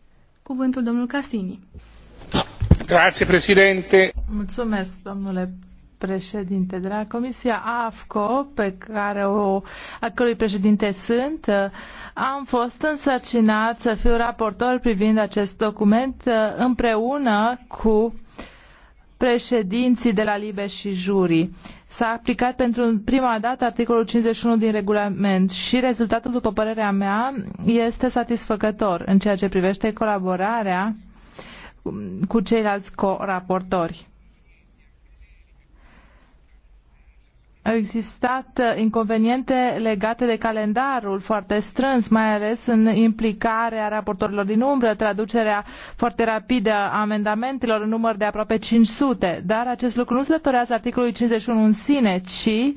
cuvântul domnul Casini. Grazie, președinte! Mulțumesc, domnule președinte de la Comisia AFCO, pe care o, a cărui președinte sunt, am fost însărcinat să fiu raportor privind acest document împreună cu președinții de la Libe și Jurii. S-a aplicat pentru prima dată articolul 51 din regulament și rezultatul, după părerea mea, este satisfăcător în ceea ce privește colaborarea cu ceilalți co-raportori. au existat uh, inconveniente legate de calendarul foarte strâns, mai ales în implicarea raportorilor din umbră, traducerea foarte rapidă a amendamentelor în număr de aproape 500. Dar acest lucru nu se datorează articolului 51 în sine, ci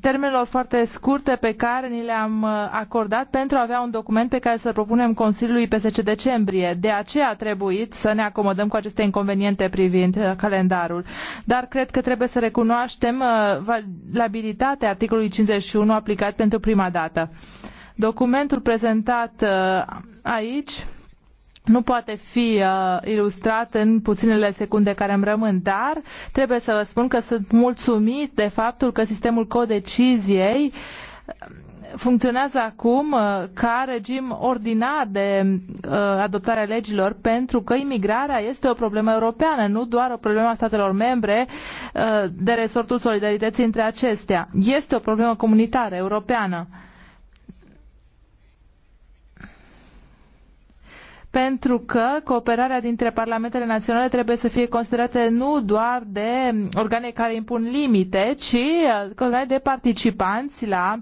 termenelor foarte scurte pe care ni le-am uh, acordat pentru a avea un document pe care să-l propunem Consiliului pe 10 decembrie. De aceea a trebuit să ne acomodăm cu aceste inconveniente privind uh, calendarul. Dar cred că trebuie să recunoaștem uh, valabilitatea articolului 51 aplicat pentru prima dată. Documentul prezentat aici nu poate fi uh, ilustrat în puținele secunde care îmi rămân, dar trebuie să vă spun că sunt mulțumit de faptul că sistemul codeciziei uh, funcționează acum uh, ca regim ordinar de uh, adoptare a legilor pentru că imigrarea este o problemă europeană, nu doar o problemă a statelor membre de resortul solidarității între acestea. Este o problemă comunitară, europeană. pentru că cooperarea dintre parlamentele naționale trebuie să fie considerată nu doar de organe care impun limite, ci uh, organe de participanți la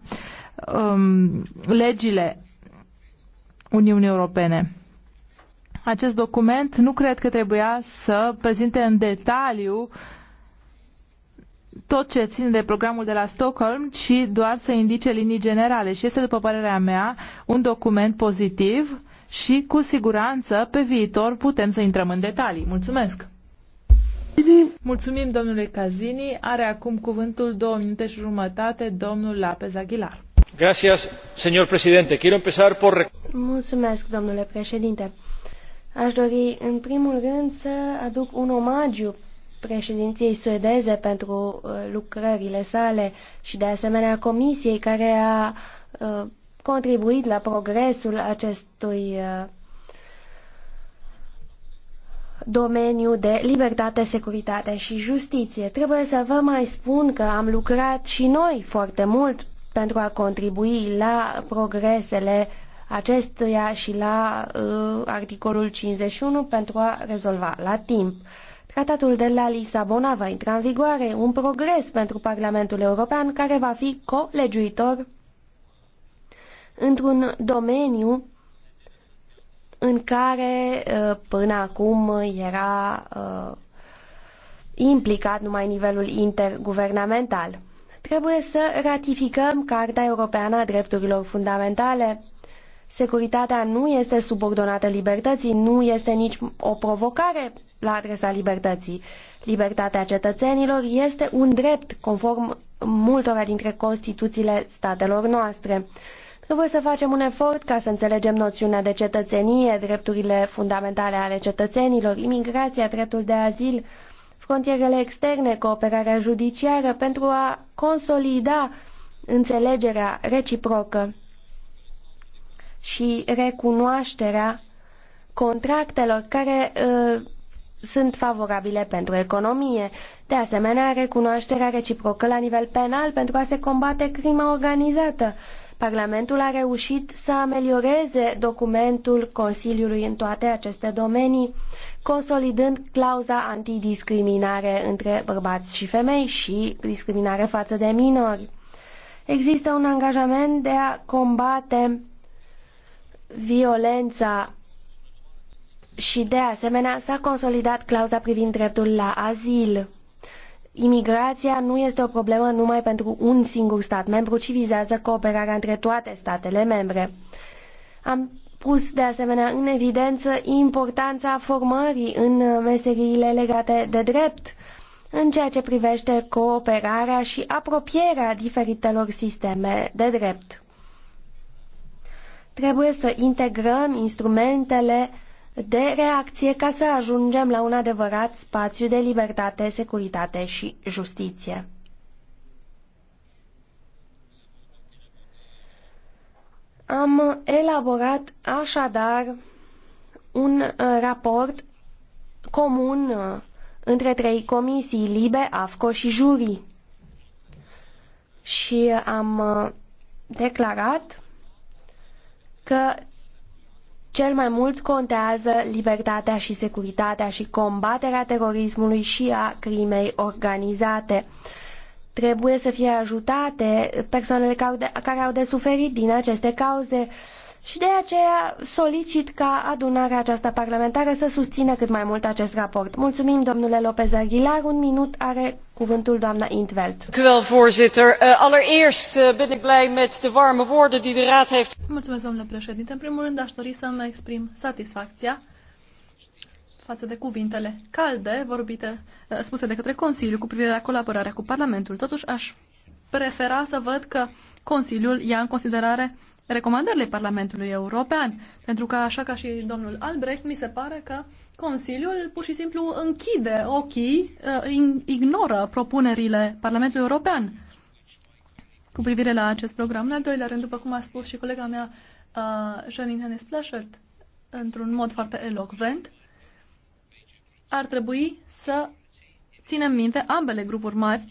um, legile Uniunii Europene. Acest document nu cred că trebuia să prezinte în detaliu tot ce ține de programul de la Stockholm, ci doar să indice linii generale. Și este, după părerea mea, un document pozitiv și cu siguranță pe viitor putem să intrăm în detalii. Mulțumesc! Mulțumim, domnule Cazini. Are acum cuvântul două minute și jumătate domnul Lapez Aguilar. Gracias, señor presidente. Quiero empezar por... Mulțumesc, domnule președinte. Aș dori, în primul rând, să aduc un omagiu președinției suedeze pentru uh, lucrările sale și, de asemenea, comisiei care a uh, contribuit la progresul acestui uh, domeniu de libertate, securitate și justiție. Trebuie să vă mai spun că am lucrat și noi foarte mult pentru a contribui la progresele acestuia și la uh, articolul 51 pentru a rezolva la timp. Tratatul de la Lisabona va intra în vigoare, un progres pentru Parlamentul European care va fi colegiuitor într-un domeniu în care ă, până acum era ă, implicat numai nivelul interguvernamental. Trebuie să ratificăm Carta Europeană a Drepturilor Fundamentale. Securitatea nu este subordonată libertății, nu este nici o provocare la adresa libertății. Libertatea cetățenilor este un drept, conform multora dintre constituțiile statelor noastre. Trebuie să facem un efort ca să înțelegem noțiunea de cetățenie, drepturile fundamentale ale cetățenilor, imigrația, dreptul de azil, frontierele externe, cooperarea judiciară pentru a consolida înțelegerea reciprocă și recunoașterea contractelor care uh, sunt favorabile pentru economie. De asemenea, recunoașterea reciprocă la nivel penal pentru a se combate crima organizată. Uh, Parlamentul a reușit să amelioreze documentul Consiliului în toate aceste domenii, consolidând clauza antidiscriminare între bărbați și femei și discriminare față de minori. Există un angajament de a combate violența și de asemenea s-a consolidat clauza privind dreptul la azil. Imigrația nu este o problemă numai pentru un singur stat membru, ci vizează cooperarea între toate statele membre. Am pus de asemenea în evidență importanța formării în meseriile legate de drept, în ceea ce privește cooperarea și apropierea diferitelor sisteme de drept. Trebuie să integrăm instrumentele de reacție ca să ajungem la un adevărat spațiu de libertate, securitate și justiție. Am elaborat așadar un uh, raport comun uh, între trei comisii, LIBE, AFCO și Juri. Și am uh, declarat că cel mai mult contează libertatea și securitatea și combaterea terorismului și a crimei organizate. Trebuie să fie ajutate persoanele care au de suferit din aceste cauze și de aceea solicit ca adunarea aceasta parlamentară să susțină cât mai mult acest raport. Mulțumim, domnule Lopez Aguilar. Un minut are cuvântul doamna Intveld. Eh, eh, Mulțumesc, domnule președinte. În primul rând, aș dori să-mi exprim satisfacția față de cuvintele calde vorbite, eh, spuse de către Consiliu cu privire la colaborarea cu Parlamentul. Totuși, aș prefera să văd că Consiliul ia în considerare recomandările Parlamentului European, pentru că, așa ca și domnul Albrecht, mi se pare că Consiliul pur și simplu închide ochii, uh, ignoră propunerile Parlamentului European cu privire la acest program. În al doilea rând, după cum a spus și colega mea, uh, Janine Hannes Plashert, într-un mod foarte elocvent, ar trebui să ținem minte ambele grupuri mari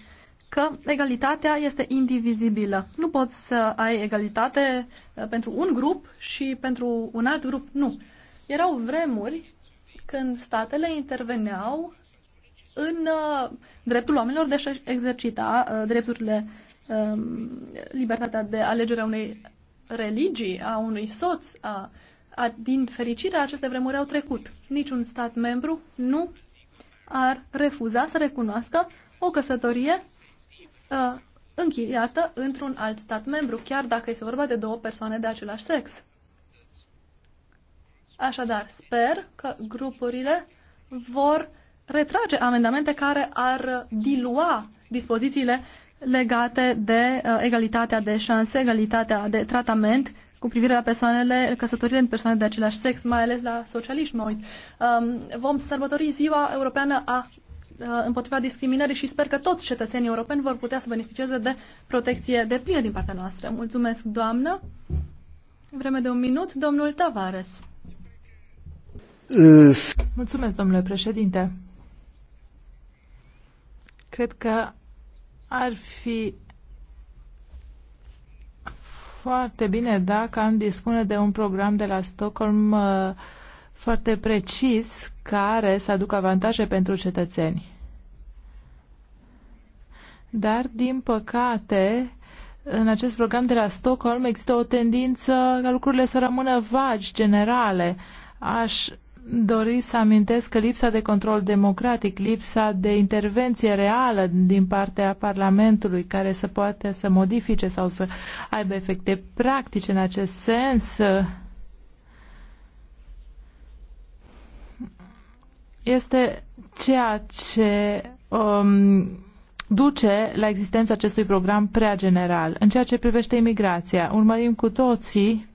că egalitatea este indivizibilă. Nu poți să ai egalitate uh, pentru un grup și pentru un alt grup. Nu. Erau vremuri când statele interveneau în uh, dreptul oamenilor de a exercita uh, drepturile, um, libertatea de alegere a unei religii, a unui soț, a, a, din fericire aceste vremuri au trecut. Niciun stat membru nu ar refuza să recunoască o căsătorie uh, închiriată într-un alt stat membru, chiar dacă este vorba de două persoane de același sex. Așadar, sper că grupurile vor retrage amendamente care ar dilua dispozițiile legate de uh, egalitatea de șanse, egalitatea de tratament cu privire la persoanele, căsătorile în persoane de același sex, mai ales la socialiști, Noi Um, vom sărbători ziua europeană a Uh, împotriva discriminării și sper că toți cetățenii europeni vor putea să beneficieze de protecție de plină din partea noastră. Mulțumesc, doamnă. Vreme de un minut, domnul Tavares. Mulțumesc, domnule președinte. Cred că ar fi foarte bine dacă am dispune de un program de la Stockholm uh, foarte precis care să aducă avantaje pentru cetățeni. Dar, din păcate, în acest program de la Stockholm există o tendință ca lucrurile să rămână vagi, generale. Aș dori să amintesc că lipsa de control democratic, lipsa de intervenție reală din partea Parlamentului care să poate să modifice sau să aibă efecte practice în acest sens, este ceea ce um, duce la existența acestui program prea general. În ceea ce privește imigrația, urmărim cu toții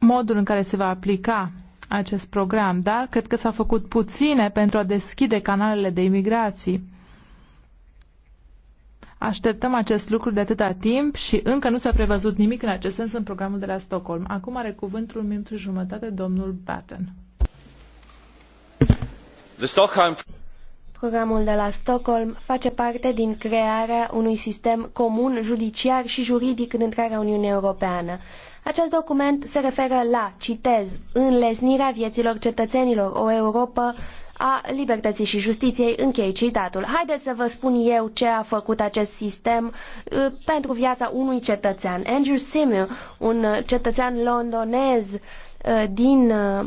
modul în care se va aplica acest program, dar cred că s-a făcut puține pentru a deschide canalele de imigrații. Așteptăm acest lucru de atâta timp și încă nu s-a prevăzut nimic în acest sens în programul de la Stockholm. Acum are cuvântul un minut și jumătate domnul Batten. Programul de la Stockholm face parte din crearea unui sistem comun, judiciar și juridic în întreaga Uniune Europeană. Acest document se referă la, citez, înlesnirea vieților cetățenilor, o Europa a libertății și justiției, închei citatul. Haideți să vă spun eu ce a făcut acest sistem uh, pentru viața unui cetățean. Andrew Simiu, un cetățean londonez uh, din uh,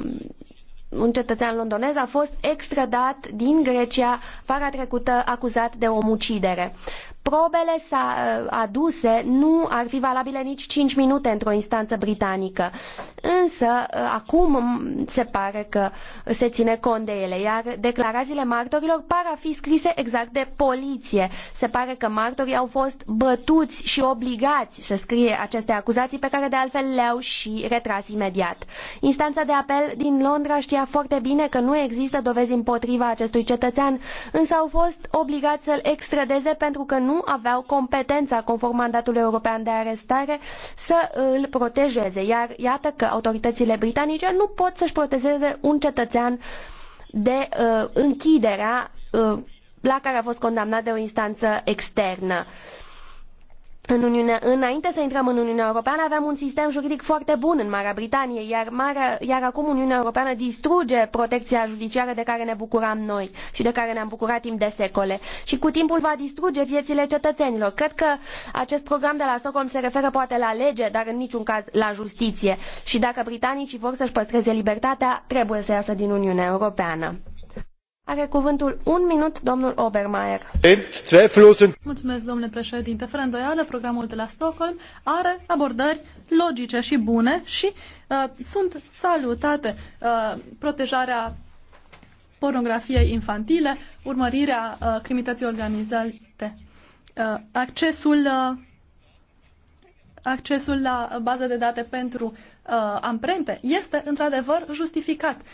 un cetățean londonez a fost extradat din Grecia vara trecută acuzat de omucidere probele uh, aduse nu ar fi valabile nici cinci minute într-o instanță britanică. Însă, uh, acum se pare că se ține cont de ele, iar declarațiile martorilor par a fi scrise exact de poliție. Se pare că martorii au fost bătuți și obligați să scrie aceste acuzații pe care de altfel le-au și retras imediat. Instanța de apel din Londra știa foarte bine că nu există dovezi împotriva acestui cetățean, însă au fost obligați să-l extradeze pentru că nu nu aveau competența conform mandatului european de arestare să îl protejeze. Iar iată că autoritățile britanice nu pot să-și protejeze un cetățean de uh, închiderea uh, la care a fost condamnat de o instanță externă. Uh, în Uniunea, înainte să intrăm în Uniunea Europeană aveam un sistem juridic foarte bun în Marea Britanie, iar, Marea, iar acum Uniunea Europeană distruge protecția judiciară de care ne bucuram noi și de care ne-am bucurat timp de secole. Și cu timpul va distruge viețile cetățenilor. Cred că acest program de la Stockholm se referă poate la lege, dar în niciun caz la justiție. Și dacă britanicii vor să-și păstreze libertatea, trebuie să iasă din Uniunea Europeană. Are cuvântul un minut domnul Obermeier. Mulțumesc, domnule președinte. Fără îndoială, programul de la Stockholm are abordări logice și bune și uh, sunt salutate uh, protejarea pornografiei infantile, urmărirea uh, criminalității organizate, uh, accesul, uh, accesul la baza de date pentru uh, amprente este într-adevăr justificat. Uh,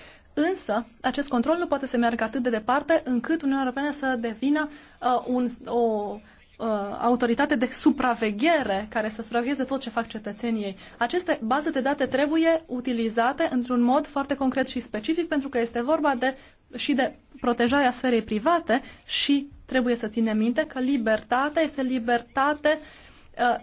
Însă, acest control nu poate să meargă atât de departe încât Uniunea Europeană să devină uh, un, o uh, autoritate de supraveghere care să supravegheze tot ce fac cetățenii ei. Aceste baze de date trebuie utilizate într-un mod foarte concret și specific pentru că este vorba de, și de protejarea sferei private și trebuie să ținem minte că libertatea este libertate uh,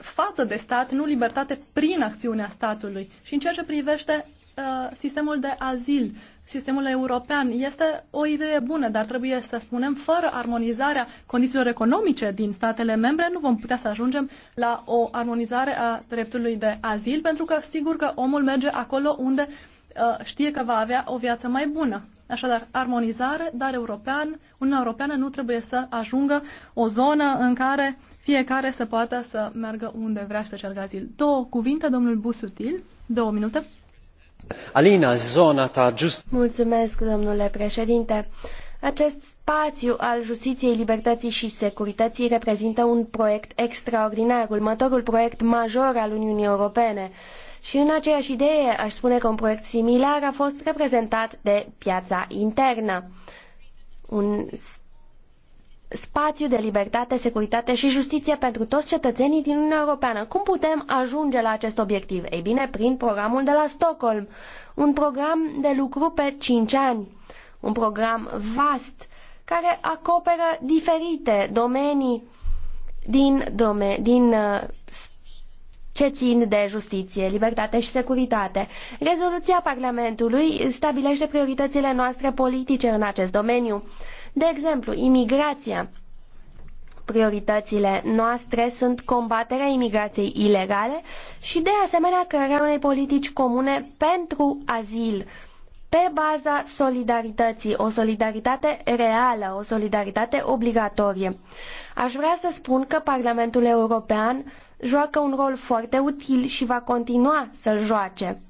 față de stat, nu libertate prin acțiunea statului. Și în ceea ce privește Uh, sistemul de azil, sistemul european. Este o idee bună, dar trebuie să spunem, fără armonizarea condițiilor economice din statele membre, nu vom putea să ajungem la o armonizare a dreptului de azil, pentru că sigur că omul merge acolo unde uh, știe că va avea o viață mai bună. Așadar, armonizare, dar european, Uniunea Europeană nu trebuie să ajungă o zonă în care fiecare să poată să meargă unde vrea și să ceargă azil. Două cuvinte, domnul Busutil, două minute. Alina, zona ta just... Mulțumesc, domnule președinte. Acest spațiu al justiției, libertății și securității reprezintă un proiect extraordinar, următorul proiect major al Uniunii Europene. Și în aceeași idee, aș spune că un proiect similar a fost reprezentat de piața internă. Un spațiu de libertate, securitate și justiție pentru toți cetățenii din Uniunea Europeană. Cum putem ajunge la acest obiectiv? Ei bine, prin programul de la Stockholm, un program de lucru pe cinci ani, un program vast care acoperă diferite domenii din, dome- din uh, ce țin de justiție, libertate și securitate. Rezoluția Parlamentului stabilește prioritățile noastre politice în acest domeniu. De exemplu, imigrația. Prioritățile noastre sunt combaterea imigrației ilegale și, de asemenea, crearea unei politici comune pentru azil, pe baza solidarității, o solidaritate reală, o solidaritate obligatorie. Aș vrea să spun că Parlamentul European joacă un rol foarte util și va continua să-l joace.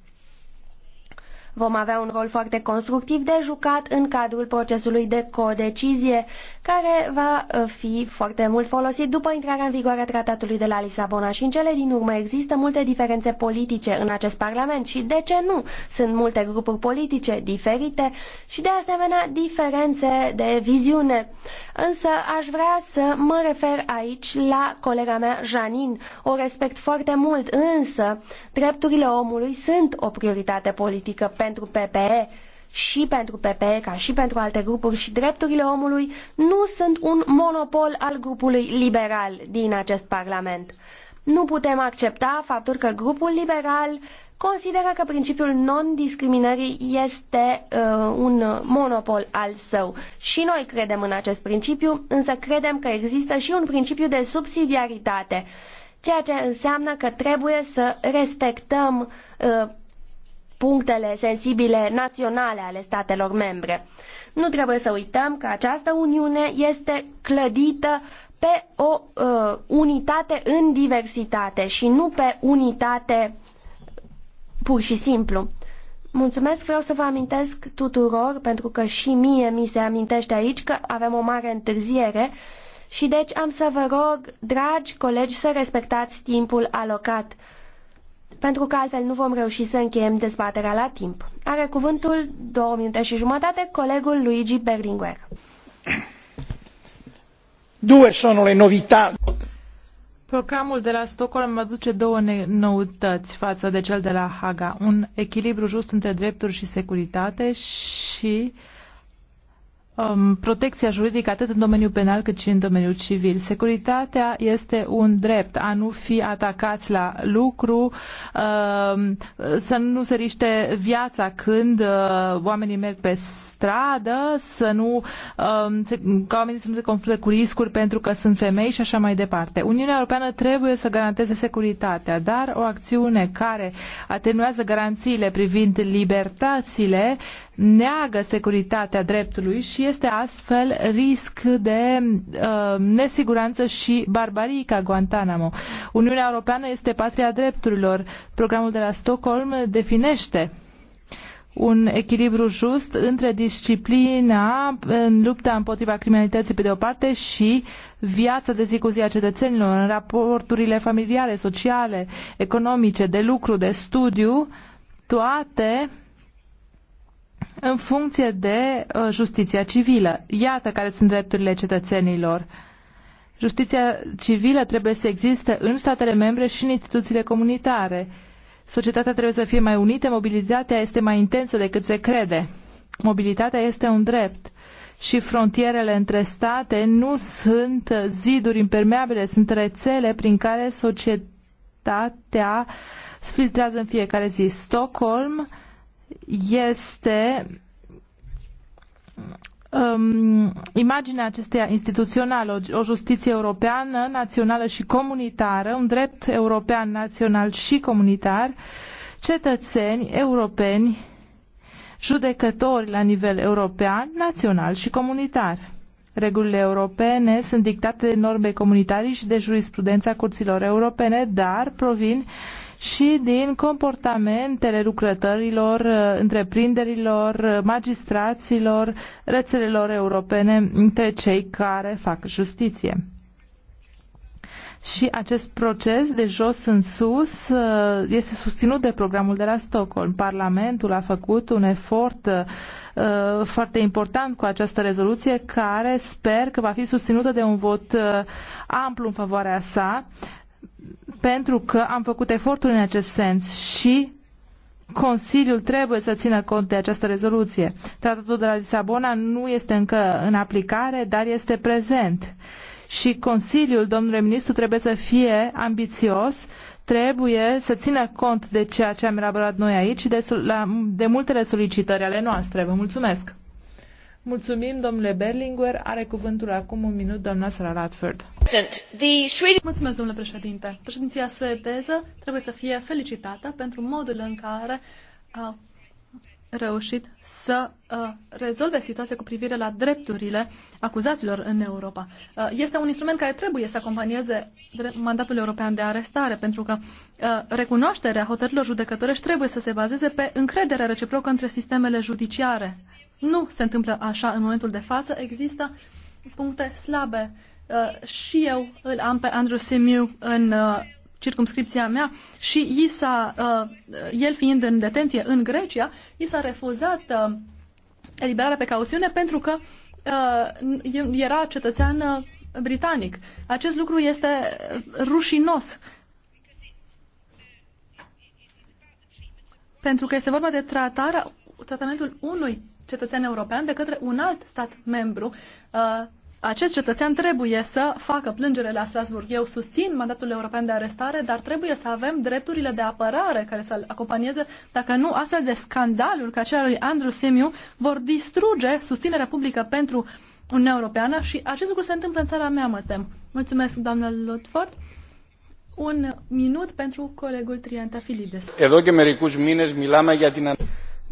Vom avea un rol foarte constructiv de jucat în cadrul procesului de codecizie care va uh, fi foarte mult folosit după intrarea în vigoare a tratatului de la Lisabona și în cele din urmă există multe diferențe politice în acest Parlament și de ce nu? Sunt multe grupuri politice diferite și de asemenea diferențe de viziune. Însă aș vrea să mă refer aici la colega mea Janin. O respect foarte mult, însă drepturile omului sunt o prioritate politică pentru PPE și pentru PPE ca și pentru alte grupuri și drepturile omului nu sunt un monopol al grupului liberal din acest Parlament. Nu putem accepta faptul că grupul liberal consideră că principiul non-discriminării este uh, un monopol al său. Și noi credem în acest principiu, însă credem că există și un principiu de subsidiaritate, ceea ce înseamnă că trebuie să respectăm uh, punctele sensibile naționale ale statelor membre. Nu trebuie să uităm că această Uniune este clădită pe o uh, unitate în diversitate și nu pe unitate pur și simplu. Mulțumesc, vreau să vă amintesc tuturor, pentru că și mie mi se amintește aici că avem o mare întârziere și deci am să vă rog, dragi colegi, să respectați timpul alocat pentru că altfel nu vom reuși să încheiem dezbaterea la timp. Are cuvântul două minute și jumătate colegul Luigi Berlinguer. Due sono le novità. Programul de la Stockholm aduce două noutăți față de cel de la Haga. Un echilibru just între drepturi și securitate și uh, um, protecția juridică atât în domeniul penal cât și în domeniul civil. Securitatea este un drept, a nu fi atacați la lucru, um, să nu se riște viața când uh, oamenii merg pe stradă, să nu, um, se, ca oamenii să nu se confrunte cu riscuri pentru că sunt femei și așa mai departe. Uniunea Europeană trebuie să garanteze securitatea, dar o acțiune care atenuează garanțiile privind libertățile neagă securitatea dreptului și este astfel risc de uh, nesiguranță și barbarie ca Guantanamo. Uniunea Europeană este patria drepturilor. Programul de la Stockholm definește un echilibru just între disciplina în lupta împotriva criminalității pe de o parte și viața de zi cu zi a cetățenilor în raporturile familiale, sociale, economice, de lucru, de studiu, toate în funcție de uh, justiția civilă. Iată care sunt drepturile cetățenilor. Justiția civilă trebuie să existe în statele membre și în instituțiile comunitare. Societatea trebuie să fie mai unită, mobilitatea este mai intensă decât se crede. Mobilitatea este un drept și frontierele între state nu sunt ziduri impermeabile, sunt rețele prin care societatea filtrează în fiecare zi. Stockholm este um, imaginea acesteia instituțională, o, justiție europeană, națională și comunitară, un drept european național și comunitar, cetățeni europeni, judecători la nivel european, național și comunitar. Regulile europene sunt dictate de norme comunitare și de jurisprudența curților europene, dar provin uh, și din comportamentele lucrătorilor, uh, întreprinderilor, uh, magistraților, rețelelor europene între cei care fac justiție. Și acest proces de jos în sus uh, este susținut de programul de la Stockholm. Parlamentul a făcut un efort foarte important cu această rezoluție care sper că va fi susținută de un vot amplu în favoarea sa pentru că am făcut eforturi în acest sens și Consiliul trebuie să țină cont de această rezoluție. Tratatul de la Lisabona nu este încă în aplicare, dar este prezent. Și Consiliul, domnule ministru, trebuie să fie ambițios, trebuie să țină cont de ceea ce am elaborat noi aici și de, de multele solicitări ale noastre. Vă mulțumesc! Mulțumim, domnule Berlinguer. Are cuvântul acum un minut doamna Sara Radford. Mulțumesc, domnule președinte. Președinția suedeză trebuie să fie felicitată pentru modul în care a reușit să a, uh, rezolve situația cu privire la drepturile acuzaților în Europa. A, uh, este un instrument care trebuie să acompanieze mandatul european de arestare, pentru că a, uh, recunoașterea hotărârilor judecătorești trebuie să se bazeze pe încrederea reciprocă între sistemele judiciare nu se întâmplă așa în momentul de față. Există puncte slabe. Uh, și eu îl am pe Andrew Simiu în uh, circumscripția mea și i s-a, uh, el fiind în detenție în Grecia, i s-a refuzat uh, eliberarea pe cauțiune pentru că uh, era cetățean uh, britanic. Acest lucru este uh, rușinos. Pentru că este vorba de tratarea, tratamentul unui cetățean european de către un alt stat membru. Uh, acest cetățean trebuie să facă plângere la Strasburg. Eu susțin mandatul european de arestare, dar trebuie să avem drepturile de apărare care să-l acompanieze. Dacă nu, astfel de scandaluri ca acela lui Andrew Simiu vor distruge susținerea publică pentru Uniunea Europeană și acest lucru se întâmplă în țara mea, mă tem. Mulțumesc, doamnă Lutford. Un minut pentru colegul Trianta Filides. Εδώ και μερικούς μήνες μιλάμε για την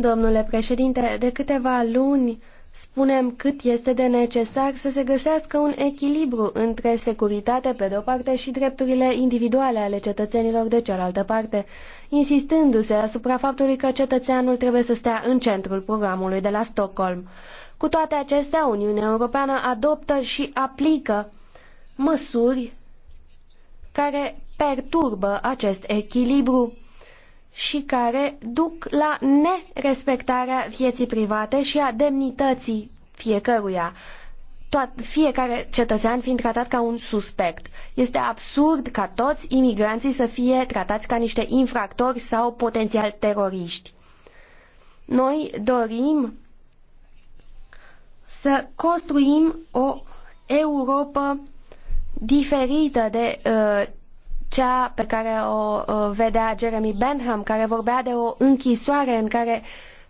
Domnule președinte, de câteva luni spunem cât este de necesar să se găsească un echilibru între securitate pe de-o parte și drepturile individuale ale cetățenilor de cealaltă parte, insistându-se asupra faptului că cetățeanul trebuie să stea în centrul programului de la Stockholm. Cu toate acestea, Uniunea Europeană adoptă și aplică măsuri care perturbă acest echilibru și care duc la nerespectarea vieții private și a demnității fiecăruia toat, fiecare cetățean fiind tratat ca un suspect. Este absurd ca toți imigranții să fie tratați ca niște infractori sau potențial teroriști. Noi dorim să construim o Europa diferită de uh, cea pe care o vedea Jeremy Benham, care vorbea de o închisoare în care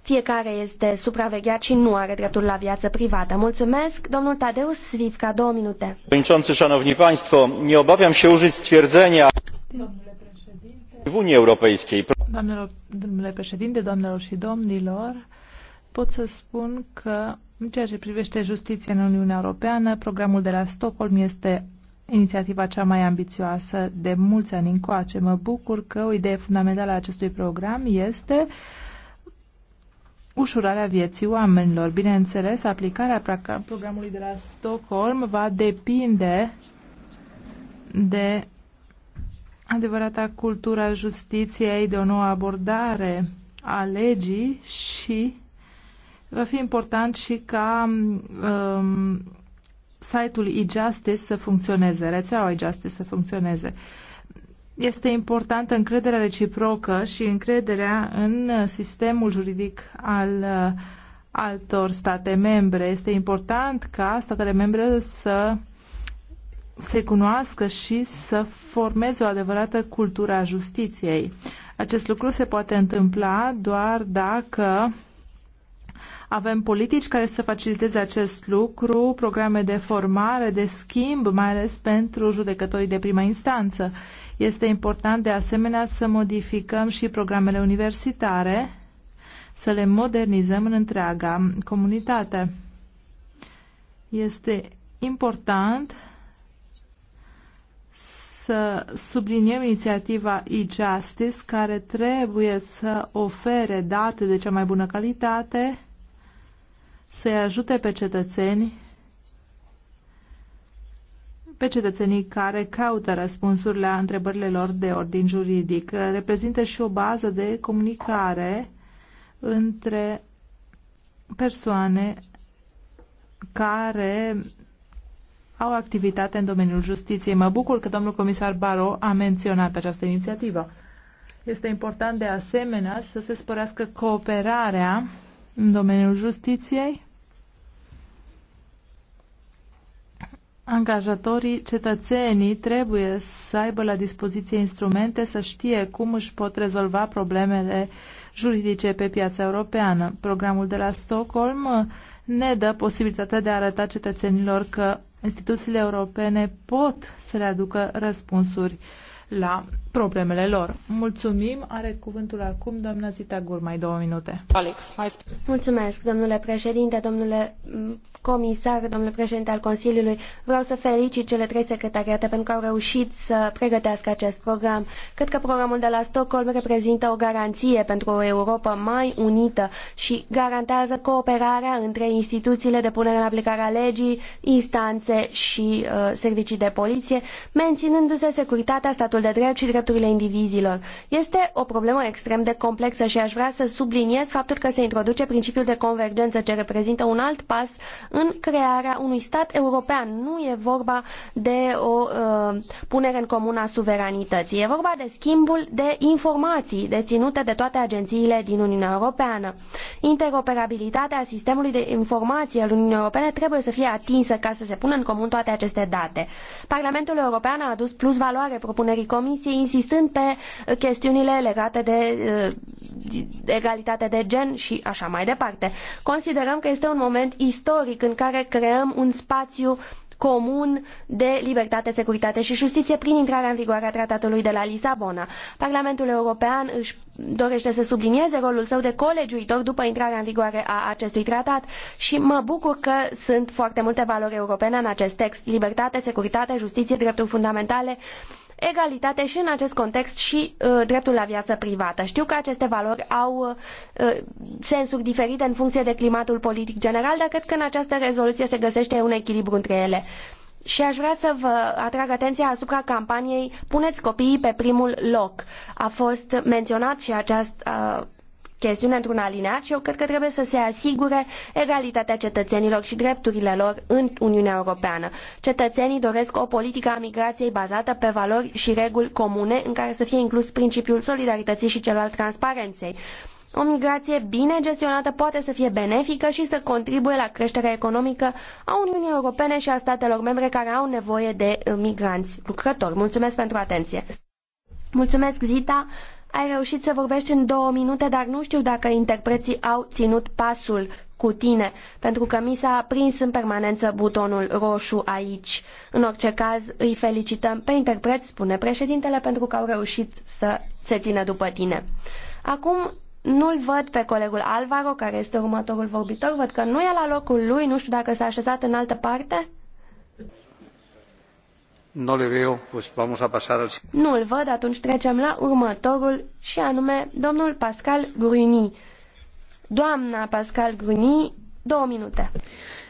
fiecare este supravegheat și nu are dreptul la viață privată. Mulțumesc, domnul Tadeusz Swifka, două minute. Szanowni Państwo, nie obawiam się użyć stwierdzenia w Unii Europejskiej. domnule președinte, doamnelor și domnilor, pot să spun că în ceea ce privește justiția în Uniunea Europeană, programul de la Stockholm este inițiativa cea mai ambițioasă de mulți ani încoace. Mă bucur că o idee fundamentală a acestui program este ușurarea vieții oamenilor. Bineînțeles, aplicarea programului de la Stockholm va depinde de adevărata cultura justiției, de o nouă abordare a legii și va fi important și ca um, site-ul e-justice să funcționeze, rețeaua e-justice să funcționeze. Este importantă încrederea reciprocă și încrederea în sistemul juridic al uh, altor state membre. Este important ca statele membre să se cunoască și să formeze o adevărată cultură a justiției. Acest lucru se poate întâmpla doar dacă avem politici care să faciliteze acest lucru, programe de formare, de schimb, mai ales pentru judecătorii de prima instanță. Este important de asemenea să modificăm și programele universitare, să le modernizăm în întreaga comunitate. Este important să subliniem inițiativa e-Justice, care trebuie să ofere date de cea mai bună calitate să-i ajute pe cetățeni pe cetățenii care caută răspunsuri la întrebările lor de ordin juridic. Reprezintă și o bază de comunicare între persoane care au activitate în domeniul justiției. Mă bucur că domnul comisar Baro a menționat această inițiativă. Este important de asemenea să se sporească cooperarea în domeniul justiției. Angajatorii, cetățenii trebuie să aibă la dispoziție instrumente să știe cum își pot rezolva problemele juridice pe piața europeană. Programul de la Stockholm ne dă posibilitatea de a arăta cetățenilor că instituțiile europene pot să le aducă răspunsuri la problemele lor. Mulțumim. Are cuvântul acum doamna Zita mai două minute. Alex, mai. Mulțumesc, domnule președinte, domnule mm, comisar, domnule președinte al Consiliului. Vreau să felicit cele trei secretariate pentru că au reușit să pregătească acest program. Cred că programul de la Stockholm reprezintă o garanție pentru o Europa mai unită și garantează cooperarea între instituțiile de punere în aplicare a legii, instanțe și uh, servicii de poliție, menținându-se securitatea, statul de drept și drept drepturile indivizilor. Este o problemă extrem de complexă și aș vrea să subliniez faptul că se introduce principiul de convergență, ce reprezintă un alt pas în crearea unui stat european. Nu e vorba de o uh, punere în comun a suveranității. E vorba de schimbul de informații deținute de toate agențiile din Uniunea Europeană. Interoperabilitatea sistemului de informații al Uniunii Europene trebuie să fie atinsă ca să se pună în comun toate aceste date. Parlamentul European a adus plus valoare propunerii Comisiei insistând pe chestiunile legate de eh, egalitate de gen și așa mai departe. Considerăm că este un moment istoric în care creăm un spațiu comun de libertate, securitate și justiție prin intrarea în vigoare a tratatului de la Lisabona. Parlamentul European își dorește să sublinieze rolul său de colegiuitor după intrarea în vigoare a acestui tratat și mă bucur că sunt foarte multe valori europene în acest text. Libertate, securitate, justiție, drepturi fundamentale, egalitate și în acest context și uh, dreptul la viață privată. Știu că aceste valori au uh, sensuri diferite în funcție de climatul politic general, dar cred că în această rezoluție se găsește un echilibru între ele. Și aș vrea să vă atrag atenția asupra campaniei Puneți copiii pe primul loc. A fost menționat și această uh, chestiune într-un alineat și eu cred că trebuie să se asigure egalitatea cetățenilor și drepturile lor în Uniunea Europeană. Cetățenii doresc o politică a migrației bazată pe valori și reguli comune în care să fie inclus principiul solidarității și cel al transparenței. O migrație bine gestionată poate să fie benefică și să contribuie la creșterea economică a Uniunii Europene și a statelor membre care au nevoie de migranți lucrători. Mulțumesc pentru atenție! Mulțumesc, Zita! Ai reușit să vorbești în două minute, dar nu știu dacă interpreții au ținut pasul cu tine, pentru că mi s-a prins în permanență butonul roșu aici. În orice caz, îi felicităm pe interpreți, spune președintele, pentru că au reușit să se țină după tine. Acum nu-l văd pe colegul Alvaro, care este următorul vorbitor. Văd că nu e la locul lui, nu știu dacă s-a așezat în altă parte. No le veo, pues vamos a pasar al... Nu îl văd, atunci trecem la următorul și anume domnul Pascal Gruny. Doamna Pascal Gruny, două minute.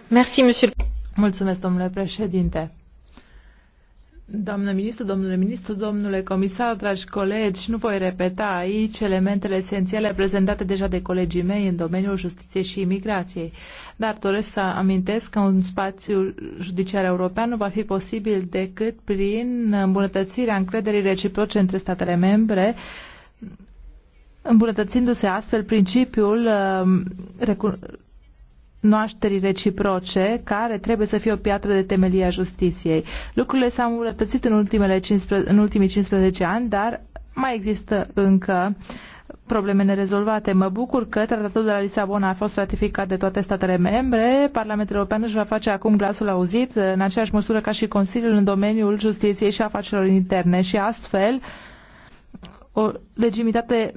Merci, monsieur. Mulțumesc, domnule președinte. Doamnă ministru, domnule ministru, domnule comisar, dragi colegi, nu voi repeta aici elementele esențiale prezentate deja de colegii mei în domeniul justiției și imigrației, dar doresc să amintesc că un spațiu judiciar european nu va fi posibil decât prin îmbunătățirea încrederii reciproce între statele membre, îmbunătățindu-se astfel principiul um, recunoașterii reciproce, care trebuie să fie o piatră de temelie a justiției. Lucrurile s-au îmbunătățit în, ultimele 15, în ultimii 15 ani, dar mai există încă probleme nerezolvate. Mă bucur că tratatul de la Lisabona a fost ratificat de toate statele membre. Parlamentul European își va face acum glasul auzit, în aceeași măsură ca și Consiliul în domeniul justiției și afacerilor interne și astfel o legitimitate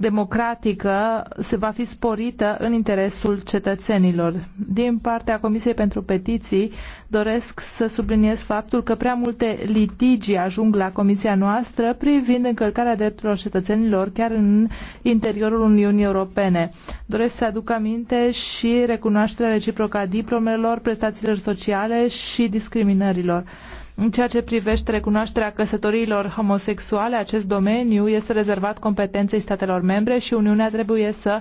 democratică se va fi sporită în interesul cetățenilor. Din partea Comisiei pentru Petiții doresc să subliniez faptul că prea multe litigi ajung la Comisia noastră privind încălcarea drepturilor cetățenilor chiar în interiorul Uniunii Europene. Doresc să aduc aminte și recunoașterea reciprocă a diplomelor, prestațiilor sociale și discriminărilor. În ceea ce privește recunoașterea căsătoriilor homosexuale, acest domeniu este rezervat competenței statelor membre și Uniunea trebuie să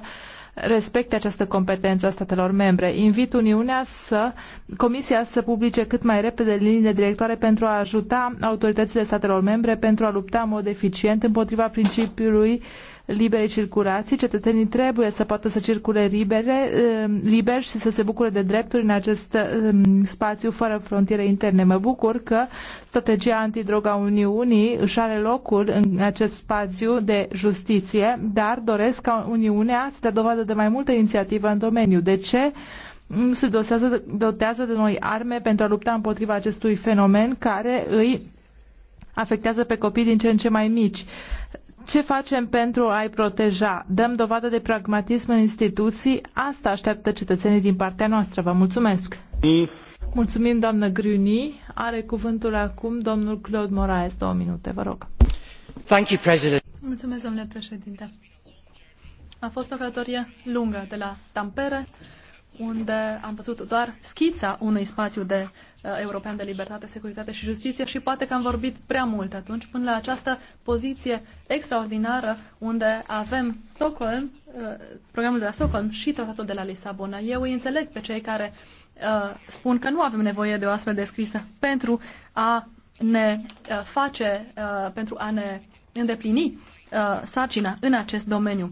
respecte această competență a statelor membre. Invit Uniunea să, Comisia să publice cât mai repede liniile directoare pentru a ajuta autoritățile statelor membre pentru a lupta în mod eficient împotriva principiului uh, liberei circulații. Cetățenii trebuie să poată să circule libere, um, liber și să se bucure de drepturi în acest um, spațiu fără frontiere interne. Mă bucur că strategia antidroga Uniunii își are locul în acest spațiu de justiție, dar doresc ca Uniunea să dea dovadă de mai multă inițiativă în domeniu. De ce? Mm, se dotează, dotează de noi arme pentru a lupta împotriva acestui fenomen care îi afectează pe copii din ce în ce mai mici. Uh, ce facem pentru a-i proteja? Dăm dovadă de pragmatism în instituții? Asta așteaptă cetățenii din partea noastră. Vă mulțumesc! Mulțumim, doamnă Gruni. Are cuvântul acum domnul Claude Moraes. Două minute, vă rog. Thank you, President. Mulțumesc, domnule președinte. A fost o călătorie lungă de la Tampere unde am văzut doar schița unui spațiu de uh, european de libertate, securitate și justiție și poate că am vorbit prea mult atunci până la această poziție extraordinară unde avem Stockholm, uh, programul de la Stockholm și tratatul de la Lisabona. Eu îi înțeleg pe cei care uh, spun că nu avem nevoie de o astfel de scrisă pentru a ne uh, face, uh, pentru a ne îndeplini uh, sarcina în acest domeniu.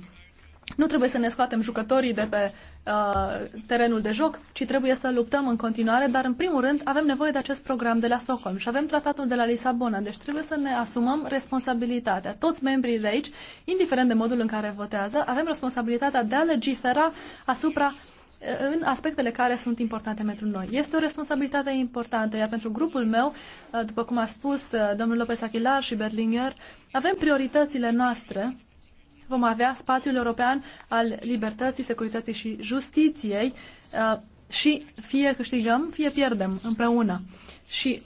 Nu trebuie să ne scoatem jucătorii de pe uh, terenul de joc, ci trebuie să luptăm în continuare, dar în primul rând avem nevoie de acest program de la Stockholm și avem tratatul de la Lisabona, deci trebuie să ne asumăm responsabilitatea. Toți membrii de aici, indiferent de modul în care votează, avem responsabilitatea de a legifera asupra uh, în aspectele care sunt importante pentru noi. Este o responsabilitate importantă, iar pentru grupul meu, uh, după cum a spus uh, domnul Lopez Achilar și Berlinger, avem prioritățile noastre vom avea spațiul european al libertății, securității și justiției uh, și fie câștigăm, fie pierdem împreună. Și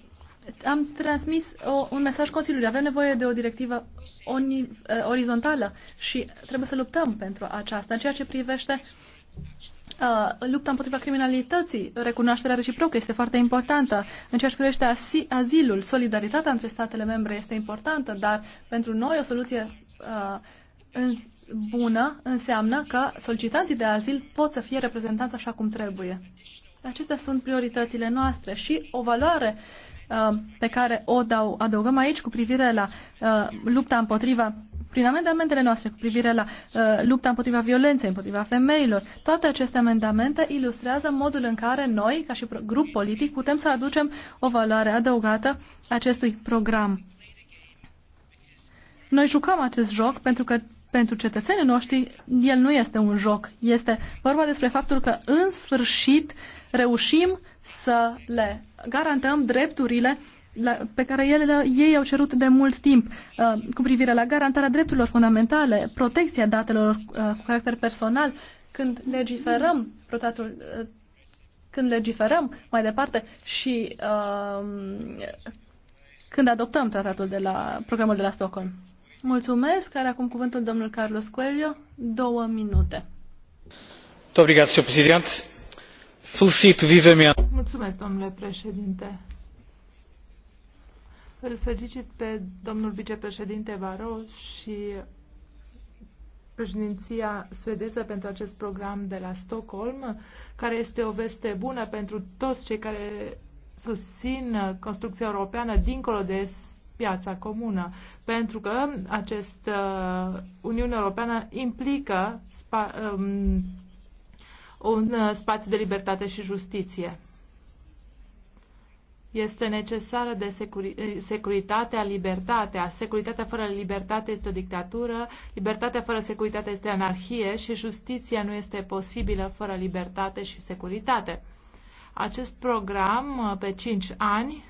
am transmis o, un mesaj Consiliului. Avem nevoie de o directivă oni, uh, orizontală și trebuie să luptăm pentru aceasta. În ceea ce privește uh, lupta împotriva criminalității, recunoașterea reciprocă este foarte importantă. În ceea ce privește asi, azilul, solidaritatea între statele membre este importantă, dar pentru noi o soluție uh, în, bună înseamnă că solicitanții de azil pot să fie reprezentanți așa cum trebuie. Acestea sunt prioritățile noastre și o valoare uh, pe care o dau, adăugăm aici cu privire la uh, lupta împotriva prin amendamentele noastre cu privire la uh, lupta împotriva violenței, împotriva femeilor. Toate aceste amendamente ilustrează modul în care noi, ca și grup politic, putem să aducem o valoare adăugată acestui program. Noi jucăm acest joc pentru că pentru cetățenii noștri, el nu este un joc. Este vorba despre faptul că, în sfârșit, reușim să le garantăm drepturile pe care ele, ei au cerut de mult timp uh, cu privire la garantarea drepturilor fundamentale, protecția datelor uh, cu caracter personal, când legiferăm protatul, uh, când legiferăm mai departe și uh, când adoptăm tratatul de la programul de la Stockholm. Mulțumesc. Are acum cuvântul domnul Carlos Coelho. Două minute. Obrigado, Sr. Presidente. Felicito vivamente. Mulțumesc, domnule președinte. Îl felicit pe domnul vicepreședinte Varos și președinția suedeză pentru acest program de la Stockholm, care este o veste bună pentru toți cei care susțin construcția europeană dincolo de piața comună, pentru că acest uh, Uniunea Europeană implică spa, um, un uh, spațiu de libertate și justiție. Este necesară de securi- uh, securitatea, libertatea. Securitatea fără libertate este o dictatură, libertatea fără securitate este anarhie și justiția nu este posibilă fără libertate și securitate. Acest program uh, pe 5 ani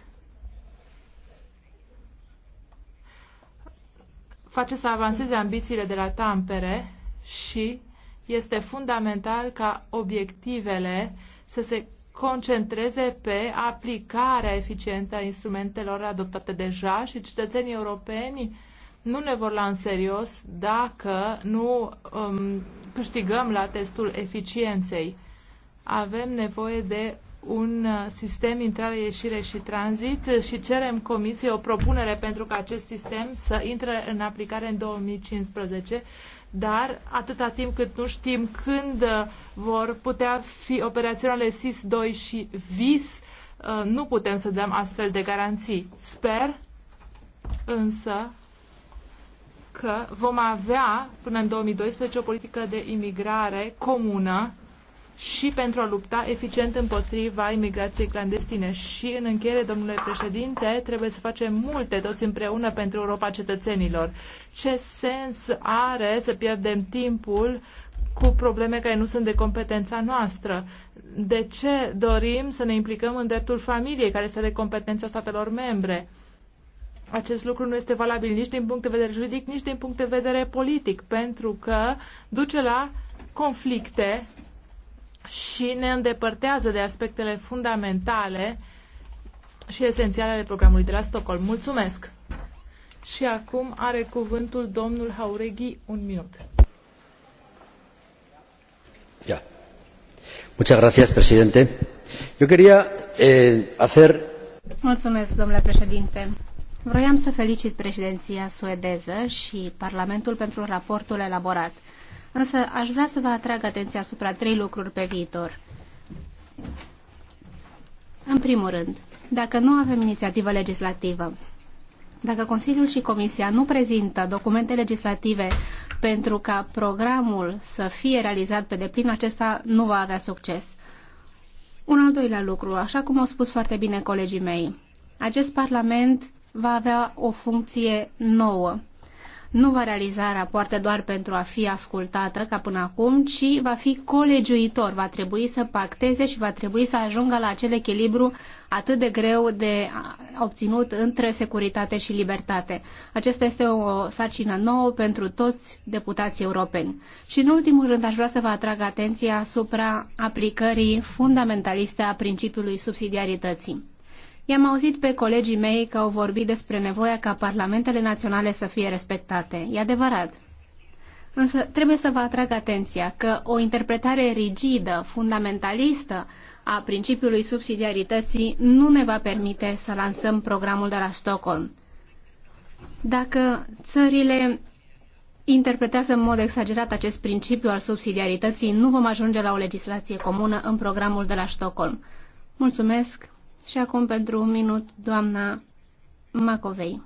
face să avanseze ambițiile de la Tampere și este fundamental ca obiectivele să se concentreze pe aplicarea eficientă a instrumentelor adoptate deja și cetățenii europeni nu ne vor lua în serios dacă nu um, câștigăm la testul eficienței. Avem nevoie de un uh, sistem intrare-ieșire și tranzit și cerem Comisiei o propunere pentru ca acest sistem să intre în aplicare în 2015 dar atâta timp cât nu știm când uh, vor putea fi operaționale SIS-2 și VIS, uh, nu putem să dăm astfel de garanții. Sper însă că vom avea până în 2012 o politică de imigrare comună și pentru a lupta eficient împotriva imigrației clandestine. Și în încheiere, domnule președinte, trebuie să facem multe toți împreună pentru Europa cetățenilor. Ce sens are să pierdem timpul cu probleme care nu sunt de competența noastră? De ce dorim să ne implicăm în dreptul familiei, care este de competența statelor membre? acest lucru nu este valabil nici din punct de vedere juridic, nici din punct de vedere politic, pentru că duce la conflicte și ne îndepărtează de aspectele fundamentale și esențiale ale programului de la Stockholm. Mulțumesc! Și acum are cuvântul domnul Haureghi, un minut. Ya. Muchas gracias, presidente. Yo quería eh, hacer... Mulțumesc, domnule președinte. Vroiam să felicit președinția suedeză și Parlamentul pentru raportul elaborat. Însă aș vrea să vă atrag atenția asupra trei lucruri pe viitor. În primul rând, dacă nu avem inițiativă legislativă, dacă Consiliul și Comisia nu prezintă documente legislative pentru ca programul să fie realizat pe deplin, acesta nu va avea succes. Un al doilea lucru, așa cum au spus foarte bine colegii mei, acest Parlament va avea o funcție nouă nu va realiza rapoarte doar pentru a fi ascultată ca până acum, ci va fi colegiuitor, va trebui să pacteze și va trebui să ajungă la acel echilibru atât de greu de obținut între securitate și libertate. Acesta este o sarcină nouă pentru toți deputații europeni. Și în ultimul rând aș vrea să vă atrag atenția asupra aplicării fundamentaliste a principiului subsidiarității. I-am auzit pe colegii mei că au vorbit despre nevoia ca parlamentele naționale să fie respectate. E adevărat. Însă trebuie să vă atrag atenția că o interpretare rigidă, fundamentalistă a principiului subsidiarității nu ne va permite să lansăm programul de la Stockholm. Dacă țările interpretează în mod exagerat acest principiu al subsidiarității, nu vom ajunge la o legislație comună în programul de la Stockholm. Mulțumesc! Și acum pentru un minut, doamna Macovei.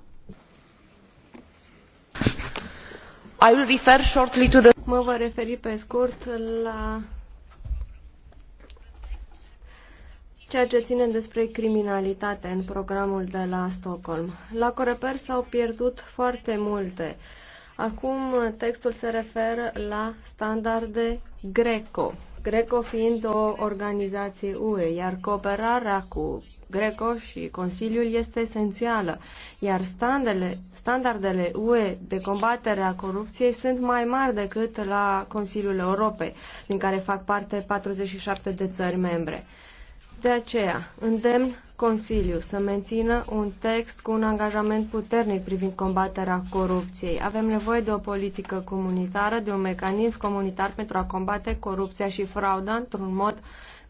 I will refer shortly to the... Mă voi referi pe scurt la ceea ce ținem despre criminalitate în programul de la Stockholm. La Coreper s-au pierdut foarte multe. Acum textul se referă la standarde greco. Greco fiind o organizație UE, iar cooperarea cu Greco și Consiliul este esențială, iar standele, standardele UE de combatere a corupției sunt mai mari decât la Consiliul Europei, din care fac parte 47 de țări membre. De aceea, îndemn Consiliu să mențină un text cu un angajament puternic privind combaterea corupției. Avem nevoie de o politică comunitară, de un mecanism comunitar pentru a combate corupția și frauda într-un mod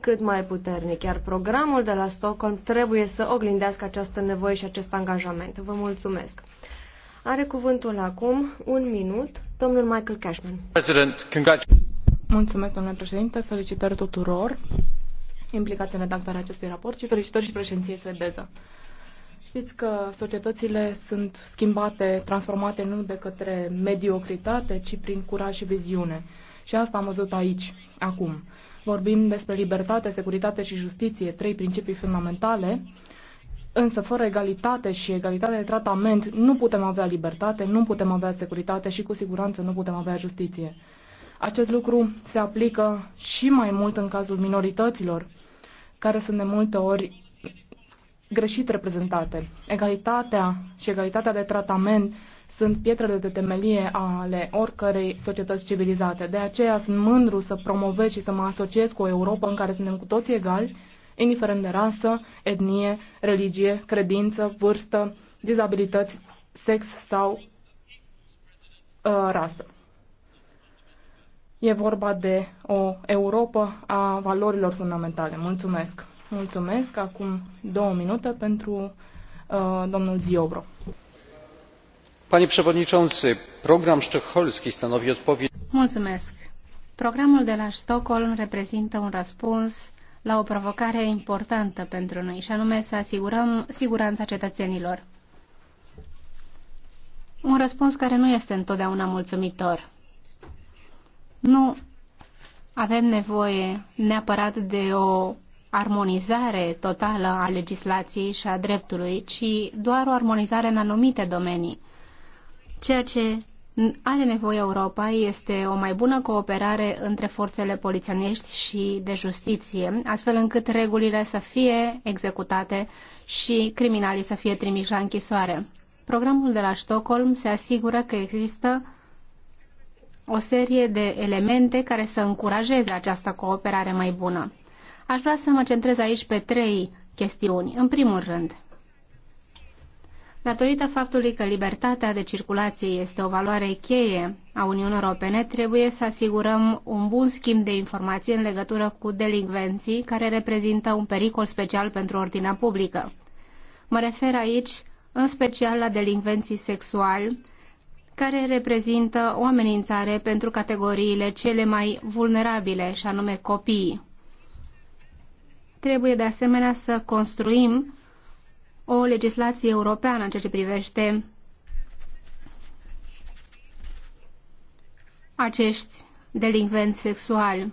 cât mai puternic, iar programul de la Stockholm trebuie să oglindească această nevoie și acest angajament. Vă mulțumesc. Are cuvântul acum, un minut, domnul Michael Cashman. Mulțumesc, domnule președinte, felicitări tuturor implicați în redactarea acestui raport și felicitări și președinției suedeză. Știți că societățile sunt schimbate, transformate nu de către mediocritate, ci prin curaj și viziune. Și asta am văzut aici, acum. Vorbim despre libertate, securitate și justiție, trei principii fundamentale, însă fără egalitate și egalitate de tratament nu putem avea libertate, nu putem avea securitate și cu siguranță nu putem avea justiție. Acest lucru se aplică și mai mult în cazul minorităților, care sunt de multe ori greșit reprezentate. Egalitatea și egalitatea de tratament sunt pietrele de temelie ale oricărei societăți civilizate. De aceea sunt mândru să promovez și să mă asociez cu o Europa în care suntem cu toți egali, indiferent de rasă, etnie, religie, credință, vârstă, dizabilități, sex sau uh, rasă. E vorba de o Europa a valorilor fundamentale. Mulțumesc! Mulțumesc! Acum două minute pentru uh, domnul Ziobro. Panie przewodniczący, program sztokholmski stanowi odpowiedź. Mulțumesc. Programul de la Stockholm reprezintă un răspuns la o provocare importantă pentru noi, și anume să asigurăm siguranța cetățenilor. Un răspuns care nu este întotdeauna mulțumitor. Nu avem nevoie neapărat de o armonizare totală a legislației și a dreptului, ci doar o armonizare în anumite domenii. Ceea ce are nevoie Europa este o mai bună cooperare între forțele polițienești și de justiție, astfel încât regulile să fie executate și criminalii să fie trimiși la închisoare. Programul de la Stockholm se asigură că există o serie de elemente care să încurajeze această cooperare mai bună. Aș vrea să mă centrez aici pe trei chestiuni. În primul rând, Datorită faptului că libertatea de circulație este o valoare cheie a Uniunii Europene, trebuie să asigurăm un bun schimb de informații în legătură cu delinvenții care reprezintă un pericol special pentru ordinea publică. Mă refer aici în special la delinvenții sexuali, care reprezintă o amenințare pentru categoriile cele mai vulnerabile, și anume copiii. Trebuie de asemenea să construim o legislație europeană în ceea ce privește acești delinvenți sexuali.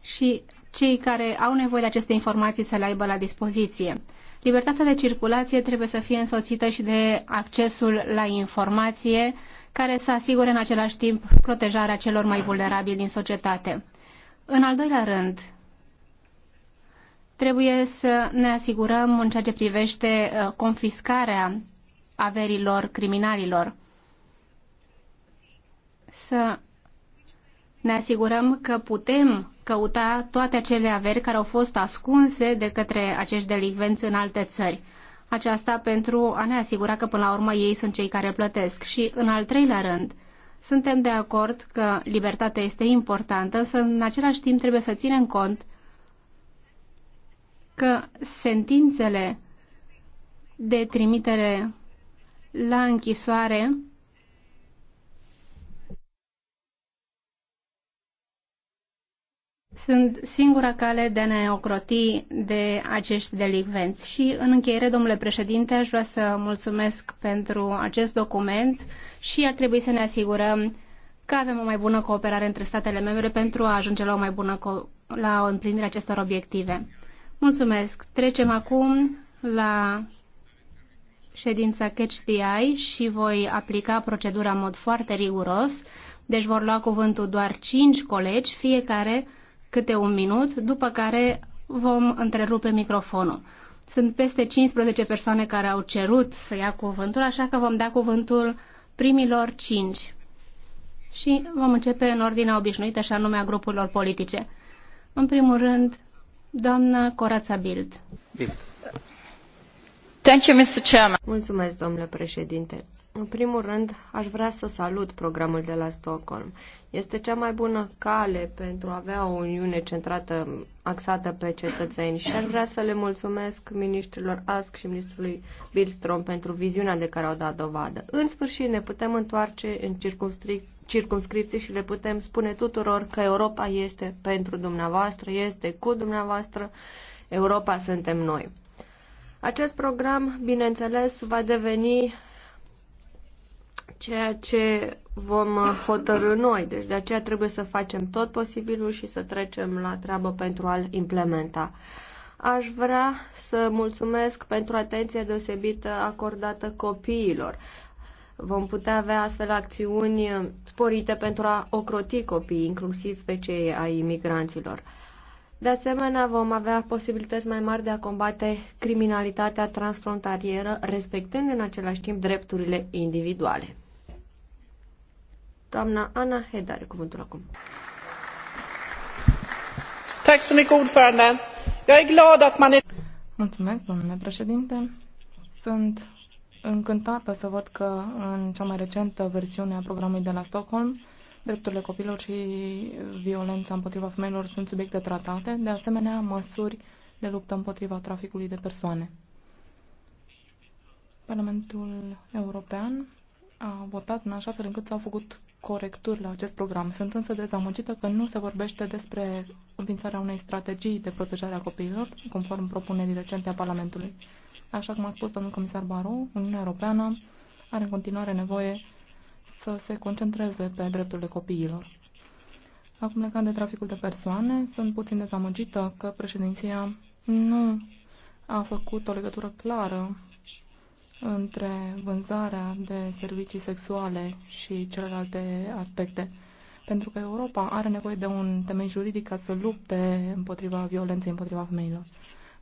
Și cei care au nevoie de aceste informații să le aibă la dispoziție. Libertatea de circulație trebuie să fie însoțită și de accesul la informație, care să asigure în același timp protejarea celor mai vulnerabili din societate. În al doilea rând, Trebuie să ne asigurăm în ceea ce privește uh, confiscarea averilor criminalilor. Să ne asigurăm că putem căuta toate acele averi care au fost ascunse de către acești delinvenți în alte țări. Aceasta pentru a ne asigura că până la urmă ei sunt cei care plătesc. Și în al treilea rând, suntem de acord că libertatea este importantă, însă în același timp trebuie să ținem cont că sentințele de trimitere la închisoare sunt singura cale de a ne ocroti de acești delicvenți. Și în încheiere, domnule președinte, aș vrea să mulțumesc pentru acest document și ar trebui să ne asigurăm că avem o mai bună cooperare între statele membre pentru a ajunge la o mai bună la împlinirea acestor obiective. Mulțumesc. Trecem acum la ședința Catch the Eye și voi aplica procedura în mod foarte riguros. Deci vor lua cuvântul doar 5 colegi, fiecare câte un minut, după care vom întrerupe microfonul. Sunt peste 15 persoane care au cerut să ia cuvântul, așa că vom da cuvântul primilor 5. Și vom începe în ordinea obișnuită, așa numea a grupurilor politice. În primul rând, Doamna Corața Bild. Bild. Thank you, Mr. Chairman. Mulțumesc, domnule președinte. În primul rând, aș vrea să salut programul de la Stockholm. Este cea mai bună cale pentru a avea o uniune centrată, axată pe cetățeni și aș vrea să le mulțumesc ministrilor Ask și ministrului Billstrom pentru viziunea de care au dat dovadă. În sfârșit, ne putem întoarce în circunstric circumscripții și le putem spune tuturor că Europa este pentru dumneavoastră, este cu dumneavoastră, Europa suntem noi. Acest program, bineînțeles, va deveni ceea ce vom hotărâ noi. Deci de aceea trebuie să facem tot posibilul și să trecem la treabă pentru a-l implementa. Aș vrea să mulțumesc pentru atenția deosebită acordată copiilor. Vom putea avea astfel acțiuni sporite pentru a ocroti copiii, inclusiv pe cei ai imigranților. De asemenea, vom avea posibilități mai mari de a combate criminalitatea transfrontalieră, respectând în același timp drepturile individuale. Doamna Ana Hedar, cuvântul acum. Mulțumesc, domnule președinte. Sunt încântată să văd că în cea mai recentă versiune a programului de la Stockholm, drepturile copilor și violența împotriva femeilor sunt subiecte tratate, de asemenea măsuri de luptă împotriva traficului de persoane. Parlamentul European a votat în așa fel încât s-au făcut corecturi la acest program. Sunt însă dezamăgită că nu se vorbește despre înființarea unei strategii de protejare a copiilor, conform propunerii recente a Parlamentului. Așa cum a spus domnul comisar Baru, Uniunea Europeană are în continuare nevoie să se concentreze pe drepturile copiilor. Acum, legat de traficul de persoane, sunt puțin dezamăgită că președinția nu a făcut o legătură clară între vânzarea de servicii sexuale și celelalte aspecte. Pentru că Europa are nevoie de un temei juridic ca să lupte împotriva violenței împotriva femeilor.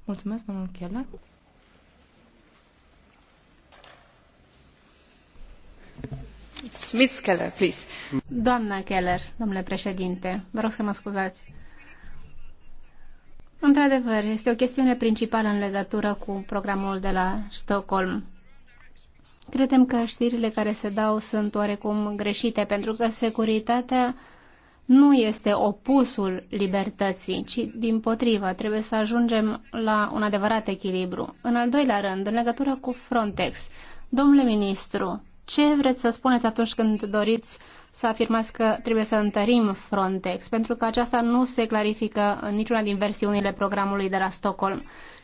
Mulțumesc, domnul Keller. Miss Keller, Doamna Keller, domnule președinte, vă rog să mă scuzați. Într-adevăr, este o chestiune principală în legătură cu programul de la Stockholm. Credem că știrile care se dau sunt oarecum greșite, pentru că securitatea nu este opusul libertății, ci din potrivă, trebuie să ajungem la un adevărat echilibru. În al doilea rând, în legătură cu Frontex, domnule ministru, ce vreți să spuneți atunci când doriți să afirmați că trebuie să întărim Frontex, pentru că aceasta nu se clarifică în niciuna din versiunile programului de la Stockholm.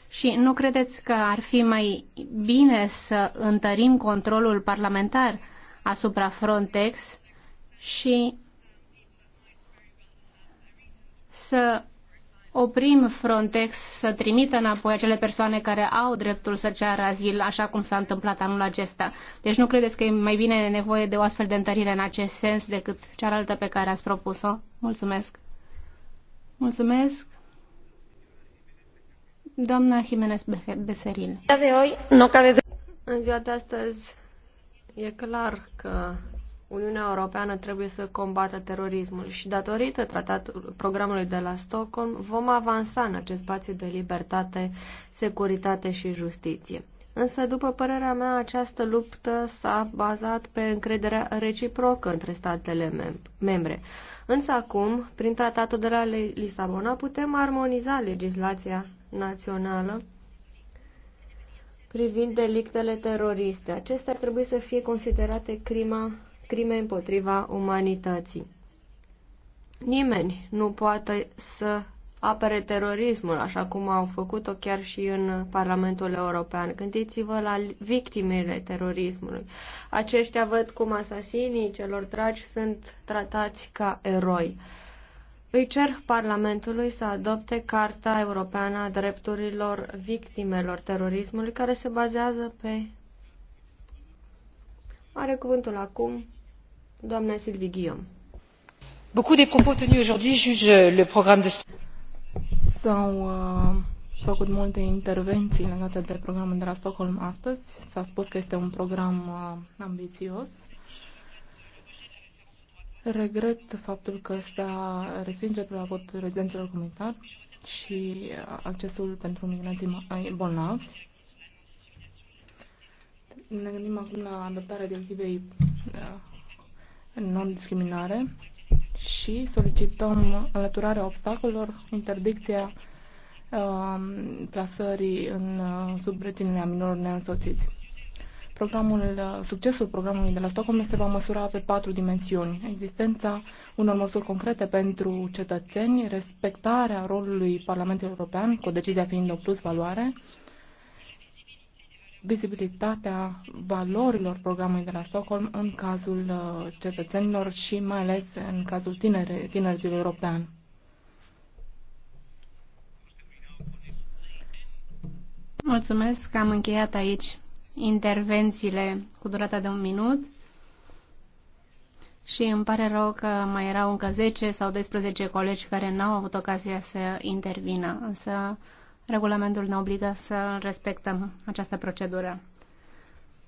Și nu credeți că ar fi mai bine să întărim controlul parlamentar asupra Frontex și să oprim Frontex să trimită înapoi acele persoane care au dreptul să ceară azil, așa cum s-a întâmplat anul acesta. Deci nu credeți că e mai bine nevoie de o astfel de întărire în acest sens decât cealaltă pe care ați propus-o? Mulțumesc! Mulțumesc! Doamna Jimenez Beserin. În ziua de astăzi e clar că Uniunea Europeană trebuie să combată terorismul și datorită tratatul, programului de la Stockholm vom avansa în acest spațiu de libertate, securitate și justiție. Însă, după părerea mea, această luptă s-a bazat pe încrederea reciprocă între statele mem- membre. Însă acum, prin tratatul de la Lisabona, putem armoniza legislația națională privind delictele teroriste. Acestea ar trebui să fie considerate crima crime împotriva umanității. Nimeni nu poate să apere terorismul, așa cum au făcut-o chiar și în Parlamentul European. Gândiți-vă la victimele terorismului. Aceștia văd cum asasinii celor dragi sunt tratați ca eroi. Îi cer Parlamentului să adopte Carta Europeană a Drepturilor Victimelor Terorismului, care se bazează pe. Are cuvântul acum Doamna Sylvie Guillaume. Beaucoup des propos tenus aujourd'hui jugent le programme de... S-au uh, făcut multe intervenții legate de programul de la Stockholm astăzi. S-a spus că este un program uh, ambițios, Regret faptul că s-a respinge la vot rezidenților comunitar și uh, accesul pentru migranții bolnavi. Ne gândim acum la adoptarea directivei uh, non-discriminare și solicităm alăturarea obstacolelor, interdicția um, plasării în, uh, sub reținele minorilor neînsoțiți. Programul, uh, succesul programului de la Stockholm se va măsura pe patru dimensiuni. Existența unor măsuri concrete pentru cetățeni, respectarea rolului Parlamentului European, cu decizia fiind o plus valoare, uh, vizibilitatea valorilor programului de la Stockholm în cazul uh, cetățenilor și mai ales în cazul tinerilor european. Mulțumesc că am încheiat aici intervențiile cu durata de un minut și îmi pare rău că mai erau încă 10 sau 12 colegi care n-au avut ocazia să intervină, însă Regulamentul ne obligă să respectăm această procedură.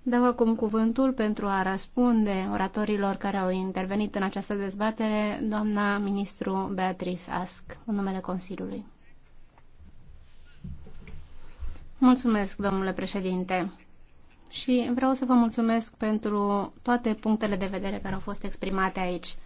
Dau acum cuvântul pentru a răspunde oratorilor care au intervenit în această dezbatere, doamna ministru Beatrice Ask, în numele Consiliului. Mulțumesc, domnule președinte, și vreau să vă mulțumesc pentru toate punctele de vedere care au fost exprimate aici.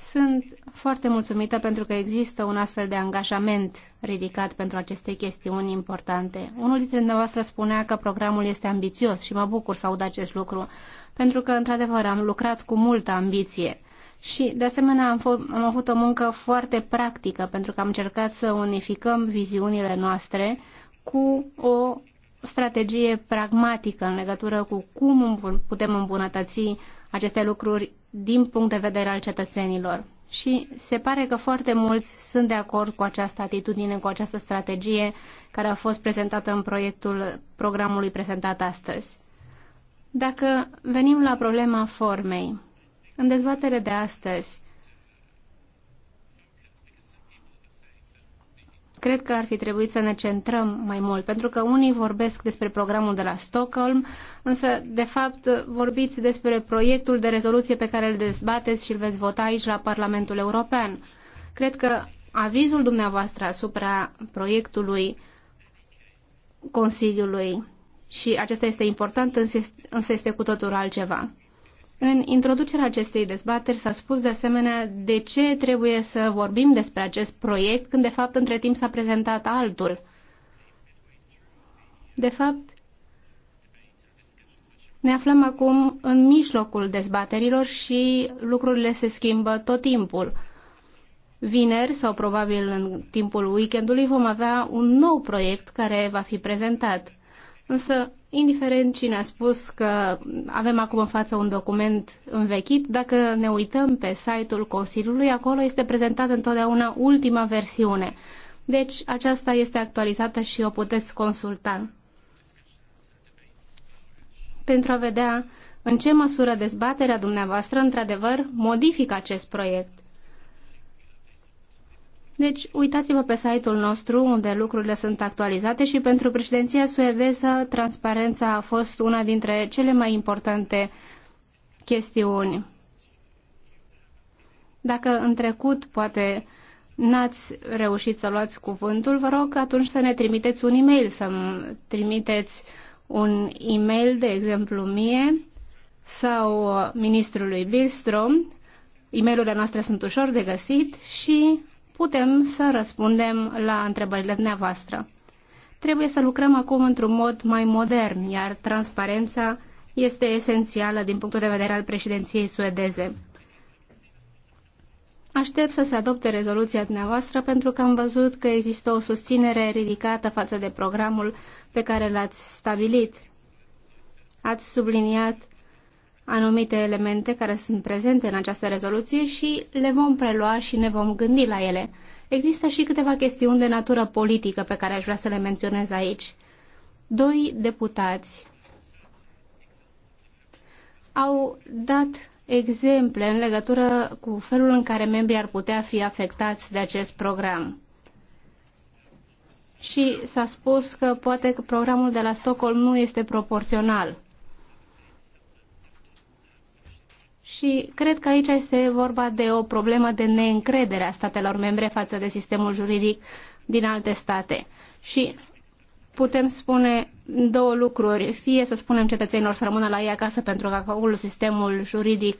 Sunt foarte mulțumită pentru că există un astfel de angajament ridicat pentru aceste chestiuni importante. Unul dintre dumneavoastră spunea că programul este ambițios și mă bucur să aud acest lucru, pentru că, într-adevăr, am lucrat cu multă ambiție. Și, de asemenea, am, f- am avut o muncă foarte practică, pentru că am încercat să unificăm viziunile noastre cu o strategie pragmatică în legătură cu cum putem îmbunătăți aceste lucruri din punct de vedere al cetățenilor. Și se pare că foarte mulți sunt de acord cu această atitudine, cu această strategie care a fost prezentată în proiectul programului prezentat astăzi. Dacă venim la problema formei, în dezbatere de astăzi, cred că ar fi trebuit să ne centrăm mai mult, pentru că unii vorbesc despre programul de la Stockholm, însă, de fapt, vorbiți despre proiectul de rezoluție pe care îl dezbateți și îl veți vota aici la Parlamentul European. Cred că avizul dumneavoastră asupra proiectului Consiliului și acesta este important, însă este cu totul altceva. În introducerea acestei dezbateri s-a spus de asemenea de ce trebuie să vorbim despre acest proiect când de fapt între timp s-a prezentat altul. De fapt, ne aflăm acum în mijlocul dezbaterilor și lucrurile se schimbă tot timpul. Vineri sau probabil în timpul weekendului vom avea un nou proiect care va fi prezentat. Însă indiferent cine a spus că avem acum în față un document învechit, dacă ne uităm pe site-ul Consiliului, acolo este prezentată întotdeauna ultima versiune. Deci aceasta este actualizată și o puteți consulta. Pentru a vedea în ce măsură dezbaterea dumneavoastră într-adevăr modifică acest proiect. Deci, uitați-vă pe site-ul nostru unde lucrurile sunt actualizate și pentru președinția suedeză transparența a fost una dintre cele mai importante chestiuni. Dacă în trecut poate n-ați reușit să luați cuvântul, vă rog atunci să ne trimiteți un e-mail, să-mi trimiteți un e-mail, de exemplu, mie sau ministrului Bilstrom. E-mailurile noastre sunt ușor de găsit și putem să răspundem la întrebările dumneavoastră. Trebuie să lucrăm acum într-un mod mai modern, iar transparența este esențială din punctul de vedere al președinției suedeze. Aștept să se adopte rezoluția dumneavoastră pentru că am văzut că există o susținere ridicată față de programul pe care l-ați stabilit. Ați subliniat anumite elemente care sunt prezente în această rezoluție și le vom prelua și ne vom gândi la ele. Există și câteva chestiuni de natură politică pe care aș vrea să le menționez aici. Doi deputați au dat exemple în legătură cu felul în care membrii ar putea fi afectați de acest program. Și s-a spus că poate că programul de la Stockholm nu este proporțional. Și cred că aici este vorba de o problemă de neîncredere a statelor membre față de sistemul juridic din alte state. Și putem spune două lucruri. Fie să spunem cetățenilor să rămână la ei acasă pentru că acolo sistemul juridic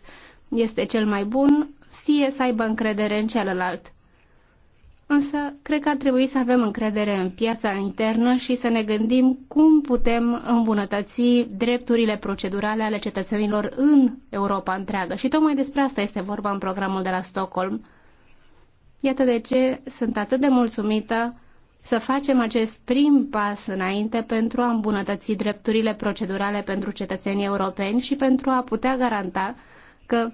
este cel mai bun, fie să aibă încredere în celălalt. Însă, cred că ar trebui să avem încredere în piața internă și să ne gândim cum putem îmbunătăți drepturile procedurale ale cetățenilor în Europa întreagă. Și tocmai despre asta este vorba în programul de la Stockholm. Iată de ce sunt atât de mulțumită să facem acest prim pas înainte pentru a îmbunătăți drepturile procedurale pentru cetățenii europeni și pentru a putea garanta că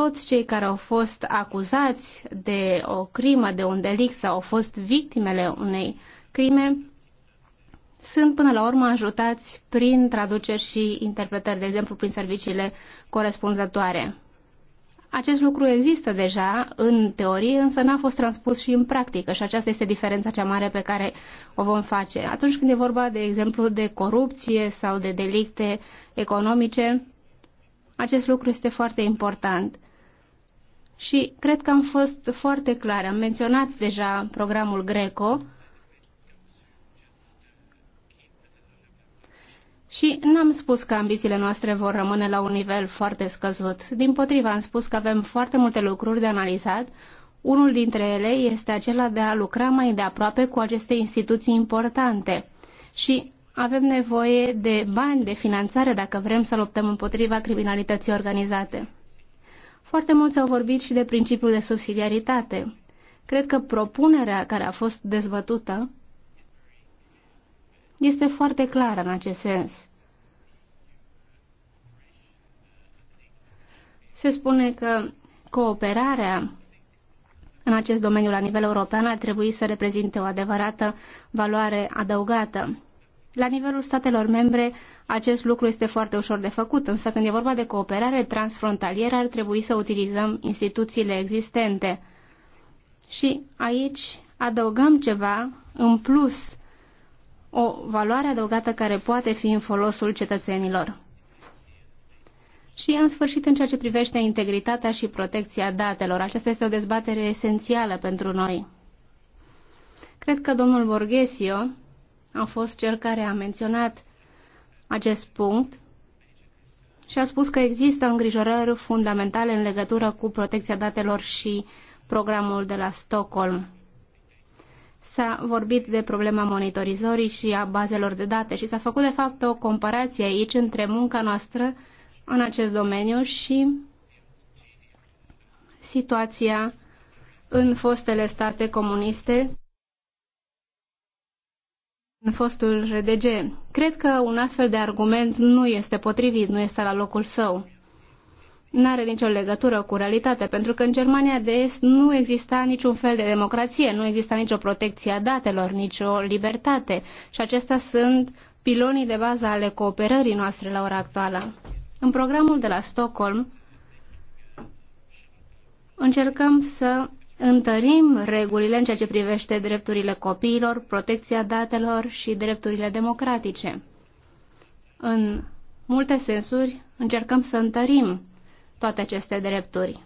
toți cei care au fost acuzați de o crimă, de un delict sau au fost victimele unei crime, sunt până la urmă ajutați prin traduceri și interpretări, de exemplu prin serviciile corespunzătoare. Acest lucru există deja în teorie, însă n-a fost transpus și în practică și aceasta este diferența cea mare pe care o vom face. Atunci când e vorba, de exemplu, de corupție sau de delicte economice, acest lucru este foarte important. Și cred că am fost foarte clar. Am menționat deja programul Greco și n-am spus că ambițiile noastre vor rămâne la un nivel foarte scăzut. Din potriva, am spus că avem foarte multe lucruri de analizat. Unul dintre ele este acela de a lucra mai de aproape cu aceste instituții importante. Și avem nevoie de bani, de finanțare, dacă vrem să luptăm împotriva criminalității organizate. Foarte mulți au vorbit și de principiul de subsidiaritate. Cred că propunerea care a fost dezbătută este foarte clară în acest sens. Se spune că cooperarea în acest domeniu la nivel european ar trebui să reprezinte o adevărată valoare adăugată. La nivelul statelor membre, acest lucru este foarte ușor de făcut, însă când e vorba de cooperare transfrontalieră, ar trebui să utilizăm instituțiile existente. Și aici adăugăm ceva în plus, o valoare adăugată care poate fi în folosul cetățenilor. Și, în sfârșit, în ceea ce privește integritatea și protecția datelor, aceasta este o dezbatere esențială pentru noi. Cred că domnul Borghesio a fost cel care a menționat acest punct și a spus că există îngrijorări fundamentale în legătură cu protecția datelor și programul de la Stockholm. S-a vorbit de problema monitorizării și a bazelor de date și s-a făcut, de fapt, o comparație aici între munca noastră în acest domeniu și situația în fostele state comuniste fostul RDG. Cred că un astfel de argument nu este potrivit, nu este la locul său. Nu are nicio legătură cu realitatea, pentru că în Germania de Est nu exista niciun fel de democrație, nu exista nicio protecție a datelor, nicio libertate. Și acestea sunt pilonii de bază ale cooperării noastre la ora actuală. În programul de la Stockholm încercăm să întărim regulile în ceea ce privește drepturile copiilor, protecția datelor și drepturile democratice. În multe sensuri, încercăm să întărim toate aceste drepturi.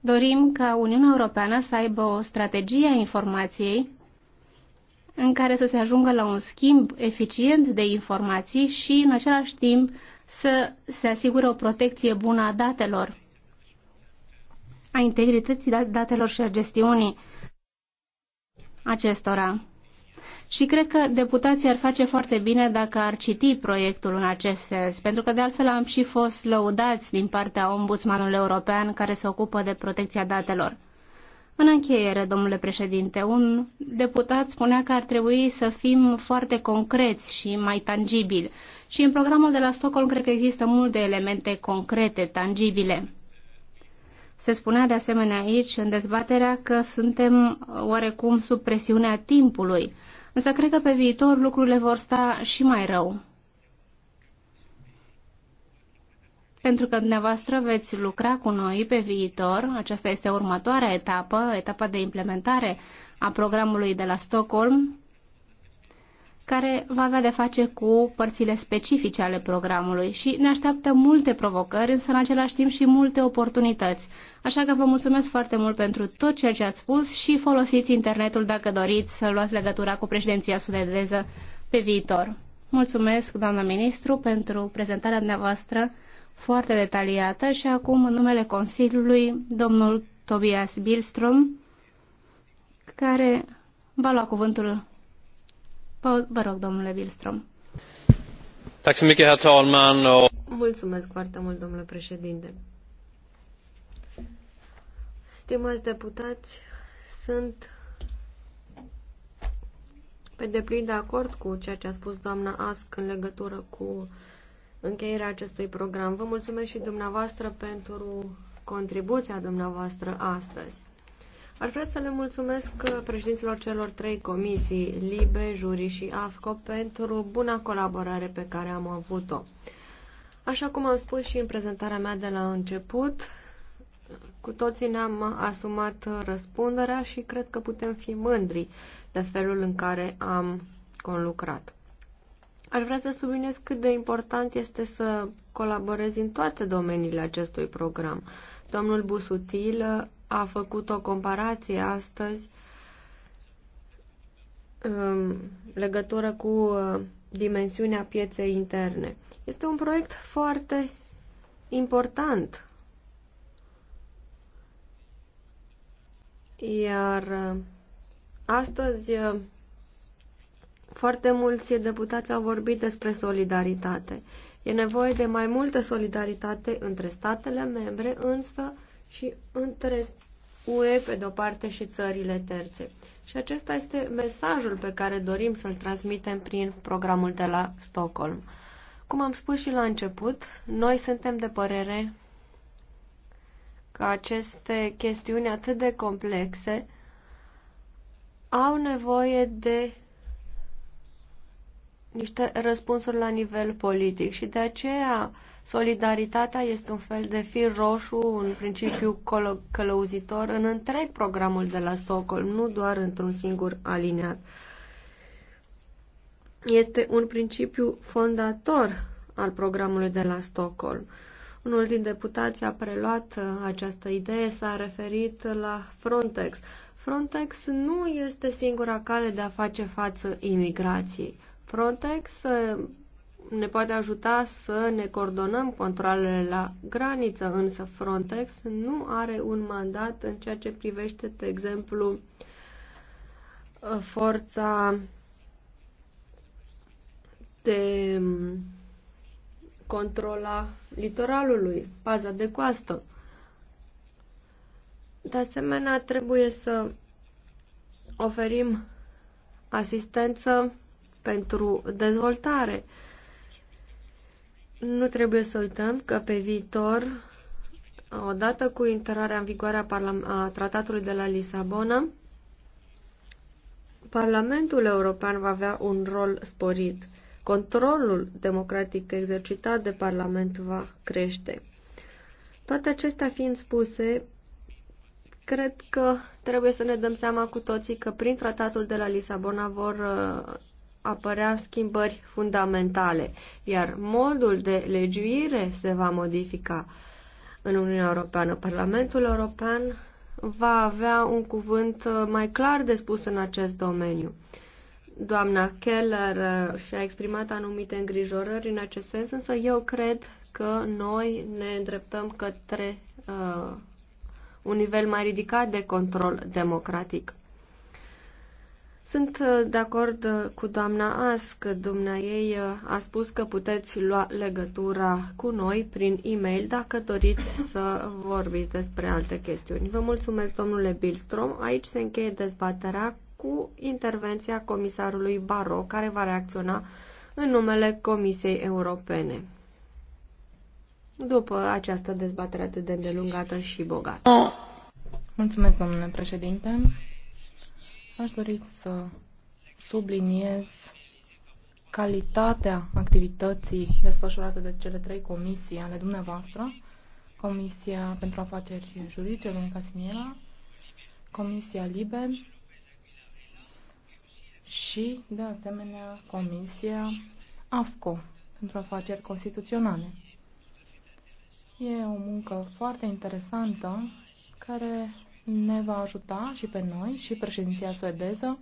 Dorim ca Uniunea Europeană să aibă o strategie a informației în care să se ajungă la un schimb eficient de informații și, în același timp, să se asigure o protecție bună a datelor a integrității datelor și a gestiunii acestora. Și cred că deputații ar face foarte bine dacă ar citi proiectul în acest sens, pentru că de altfel am și fost lăudați din partea ombudsmanului european care se ocupă de protecția datelor. În încheiere, domnule președinte, un deputat spunea că ar trebui să fim foarte concreți și mai tangibili. Și în programul de la Stockholm cred că există multe elemente concrete, tangibile. Se spunea de asemenea aici, în dezbaterea, că suntem oarecum sub presiunea timpului, însă cred că pe viitor lucrurile vor sta și mai rău. Pentru că dumneavoastră veți lucra cu noi pe viitor, aceasta este următoarea etapă, etapa de implementare a programului de la Stockholm, care va avea de face cu părțile specifice ale programului și ne așteaptă multe provocări, însă în același timp și multe oportunități. Așa că vă mulțumesc foarte mult pentru tot ceea ce ați spus și folosiți internetul dacă doriți să luați legătura cu președinția suedeză pe viitor. Mulțumesc, doamna ministru, pentru prezentarea dumneavoastră foarte detaliată și acum, în numele Consiliului, domnul Tobias Bilstrom, care va lua cuvântul Vă rog, domnule Wilstrom. Mulțumesc foarte mult, domnule președinte. Stimați deputați, sunt pe deplin de acord cu ceea ce a spus doamna Asc în legătură cu încheierea acestui program. Vă mulțumesc și dumneavoastră pentru contribuția dumneavoastră astăzi. Ar vrea să le mulțumesc președinților celor trei comisii, LIBE, Juri și AFCO, pentru buna colaborare pe care am avut-o. Așa cum am spus și în prezentarea mea de la început, cu toții ne-am asumat răspunderea și cred că putem fi mândri de felul în care am conlucrat. Aș vrea să subliniez cât de important este să colaborezi în toate domeniile acestui program. Domnul Busutil a făcut o comparație astăzi în um, legătură cu uh, dimensiunea pieței interne. Este un proiect foarte important. Iar uh, astăzi uh, foarte mulți deputați au vorbit despre solidaritate. E nevoie de mai multă solidaritate între statele membre, însă și între UE pe de-o parte și țările terțe. Și acesta este mesajul pe care dorim să-l transmitem prin programul de la Stockholm. Cum am spus și la început, noi suntem de părere că aceste chestiuni atât de complexe au nevoie de niște răspunsuri la nivel politic și de aceea Solidaritatea este un fel de fir roșu, un principiu călăuzitor în întreg programul de la Stockholm, nu doar într-un singur aliniat. Este un principiu fondator al programului de la Stockholm. Unul din deputați a preluat uh, această idee, s-a referit la Frontex. Frontex nu este singura cale de a face față imigrației. Frontex uh, ne poate ajuta să ne coordonăm controlele la graniță, însă Frontex nu are un mandat în ceea ce privește, de exemplu, forța de controla litoralului, paza de coastă. De asemenea, trebuie să oferim asistență pentru dezvoltare. Nu trebuie să uităm că pe viitor, odată cu intrarea în vigoare a, a tratatului de la Lisabona, Parlamentul European va avea un rol sporit. Controlul democratic exercitat de Parlament va crește. Toate acestea fiind spuse, cred că trebuie să ne dăm seama cu toții că prin tratatul de la Lisabona vor uh, apărea schimbări fundamentale, iar modul de legiuire se va modifica în Uniunea Europeană. Parlamentul European va avea un cuvânt uh, mai clar de spus în acest domeniu. Doamna Keller uh, și-a exprimat anumite îngrijorări în acest sens, însă eu cred că noi ne îndreptăm către uh, un nivel mai ridicat de control democratic. Sunt uh, de acord uh, cu doamna că Dumnea ei uh, a spus că puteți lua legătura cu noi prin e-mail dacă doriți să vorbiți despre alte chestiuni. Vă mulțumesc, domnule Bilstrom. Aici se încheie dezbaterea cu intervenția comisarului Baro, care va reacționa în numele Comisiei Europene. După această dezbatere atât de îndelungată și bogată. Mulțumesc, domnule președinte. Aș dori să subliniez calitatea activității desfășurate de cele trei comisii ale dumneavoastră, Comisia pentru Afaceri Juridice, din Casiniera, Comisia Libe și, de asemenea, Comisia AFCO pentru Afaceri Constituționale. E o muncă foarte interesantă care ne va ajuta și pe noi și președinția suedeză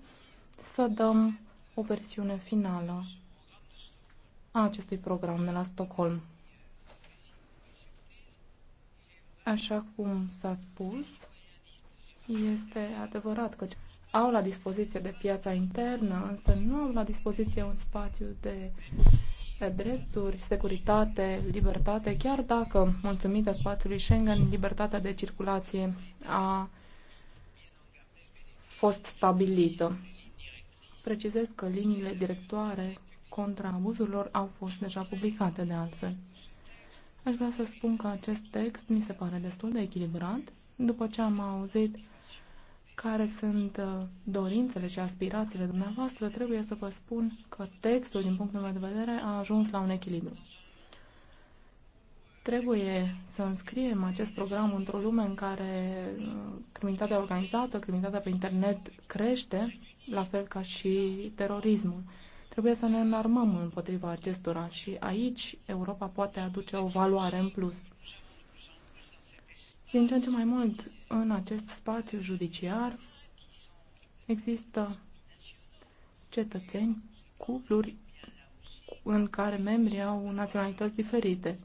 să dăm o versiune finală a acestui program de la Stockholm. Așa cum s-a spus, este adevărat că au la dispoziție de piața internă, însă nu au la dispoziție un spațiu de pe drepturi, securitate, libertate, chiar dacă, mulțumită spațiului Schengen, libertatea de circulație a fost stabilită. Precizez că liniile directoare contra abuzurilor au fost deja publicate de altfel. Aș vrea să spun că acest text mi se pare destul de echilibrat. După ce am auzit care sunt uh, dorințele și aspirațiile dumneavoastră, trebuie să vă spun că textul, din punctul meu de vedere, a ajuns la un echilibru. Trebuie să înscriem acest program într-o lume în care uh, criminalitatea organizată, criminalitatea pe internet crește, la fel ca și terorismul. Trebuie să ne înarmăm împotriva acestora și aici Europa poate aduce o valoare în plus. Din ce în ce mai mult, în acest spațiu judiciar există cetățeni, cupluri în care membrii au naționalități diferite.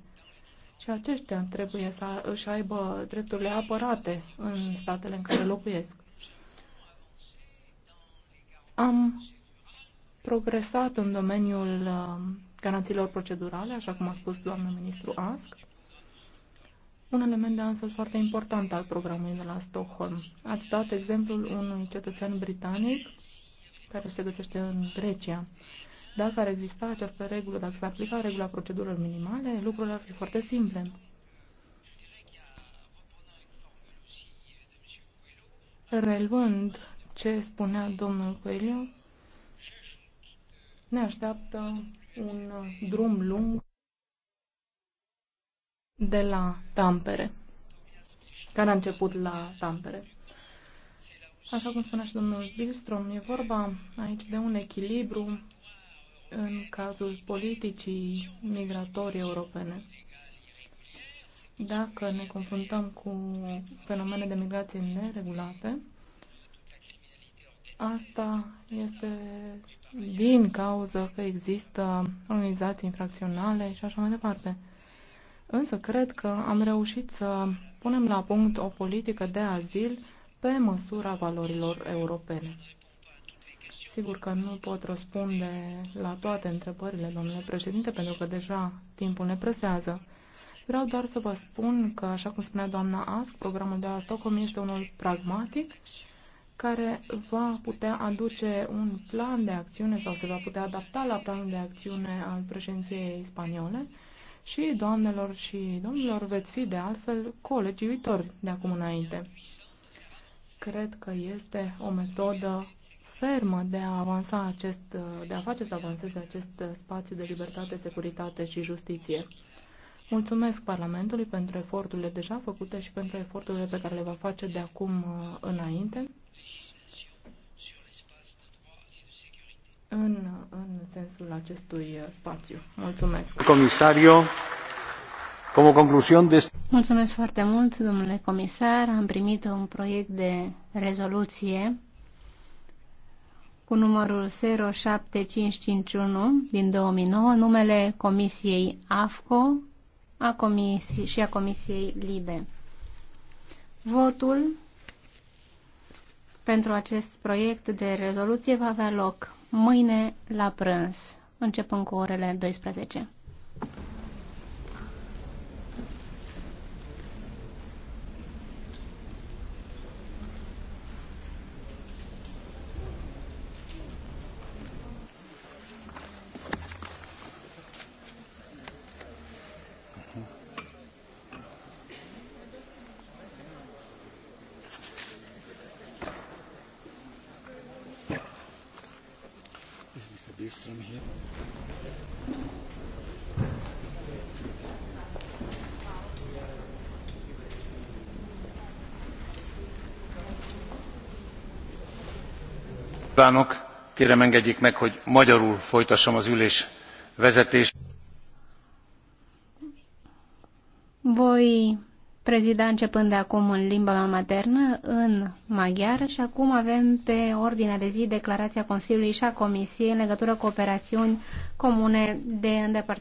Și aceștia trebuie să își aibă drepturile apărate în statele în care locuiesc. Am progresat în domeniul uh, garanțiilor procedurale, așa cum a spus doamna ministru Asc un element de altfel foarte important al programului de la Stockholm. Ați dat exemplul unui cetățean britanic care se găsește în Grecia. Dacă ar exista această regulă, dacă s-ar aplica regula procedurilor minimale, lucrurile ar fi foarte simple. Reluând ce spunea domnul Coelho, ne așteaptă un drum lung de la Tampere, care a început la Tampere. Așa cum spunea și domnul Bilstrom, e vorba aici de un echilibru în cazul politicii migratorii europene. Dacă ne confruntăm cu fenomene de migrație neregulate, asta este din cauza că există organizații infracționale și așa mai departe. Însă cred că am reușit să punem la punct o politică de azil pe măsura valorilor europene. Sigur că nu pot răspunde la toate întrebările, domnule președinte, pentru că deja timpul ne presează. Vreau doar să vă spun că, așa cum spunea doamna Ask, programul de la Stockholm este unul pragmatic care va putea aduce un plan de acțiune sau se va putea adapta la planul de acțiune al președinției spaniole și doamnelor și domnilor veți fi de altfel colegi viitori de acum înainte. Cred că este o metodă fermă de a avansa acest, de a face să avanseze acest spațiu de libertate, securitate și justiție. Mulțumesc Parlamentului pentru eforturile deja făcute și pentru eforturile pe care le va face de acum uh, înainte în, în sensul acestui spațiu. Mulțumesc. Comisario, como conclusión de... Mulțumesc foarte mult, domnule comisar. Am primit un proiect de rezoluție cu numărul 07551 din 2009, numele Comisiei AFCO a comisi- și a Comisiei LIBE. Votul pentru acest proiect de rezoluție va avea loc mâine la prânz, începând cu orele 12. kérem engedjék meg hogy magyarul folytassam az ülés Voi prezida începând de acum în limba mea maternă, în maghiară și acum avem pe ordinea de zi declarația Consiliului și a Comisiei în legătură cu operațiuni comune de îndepărtare.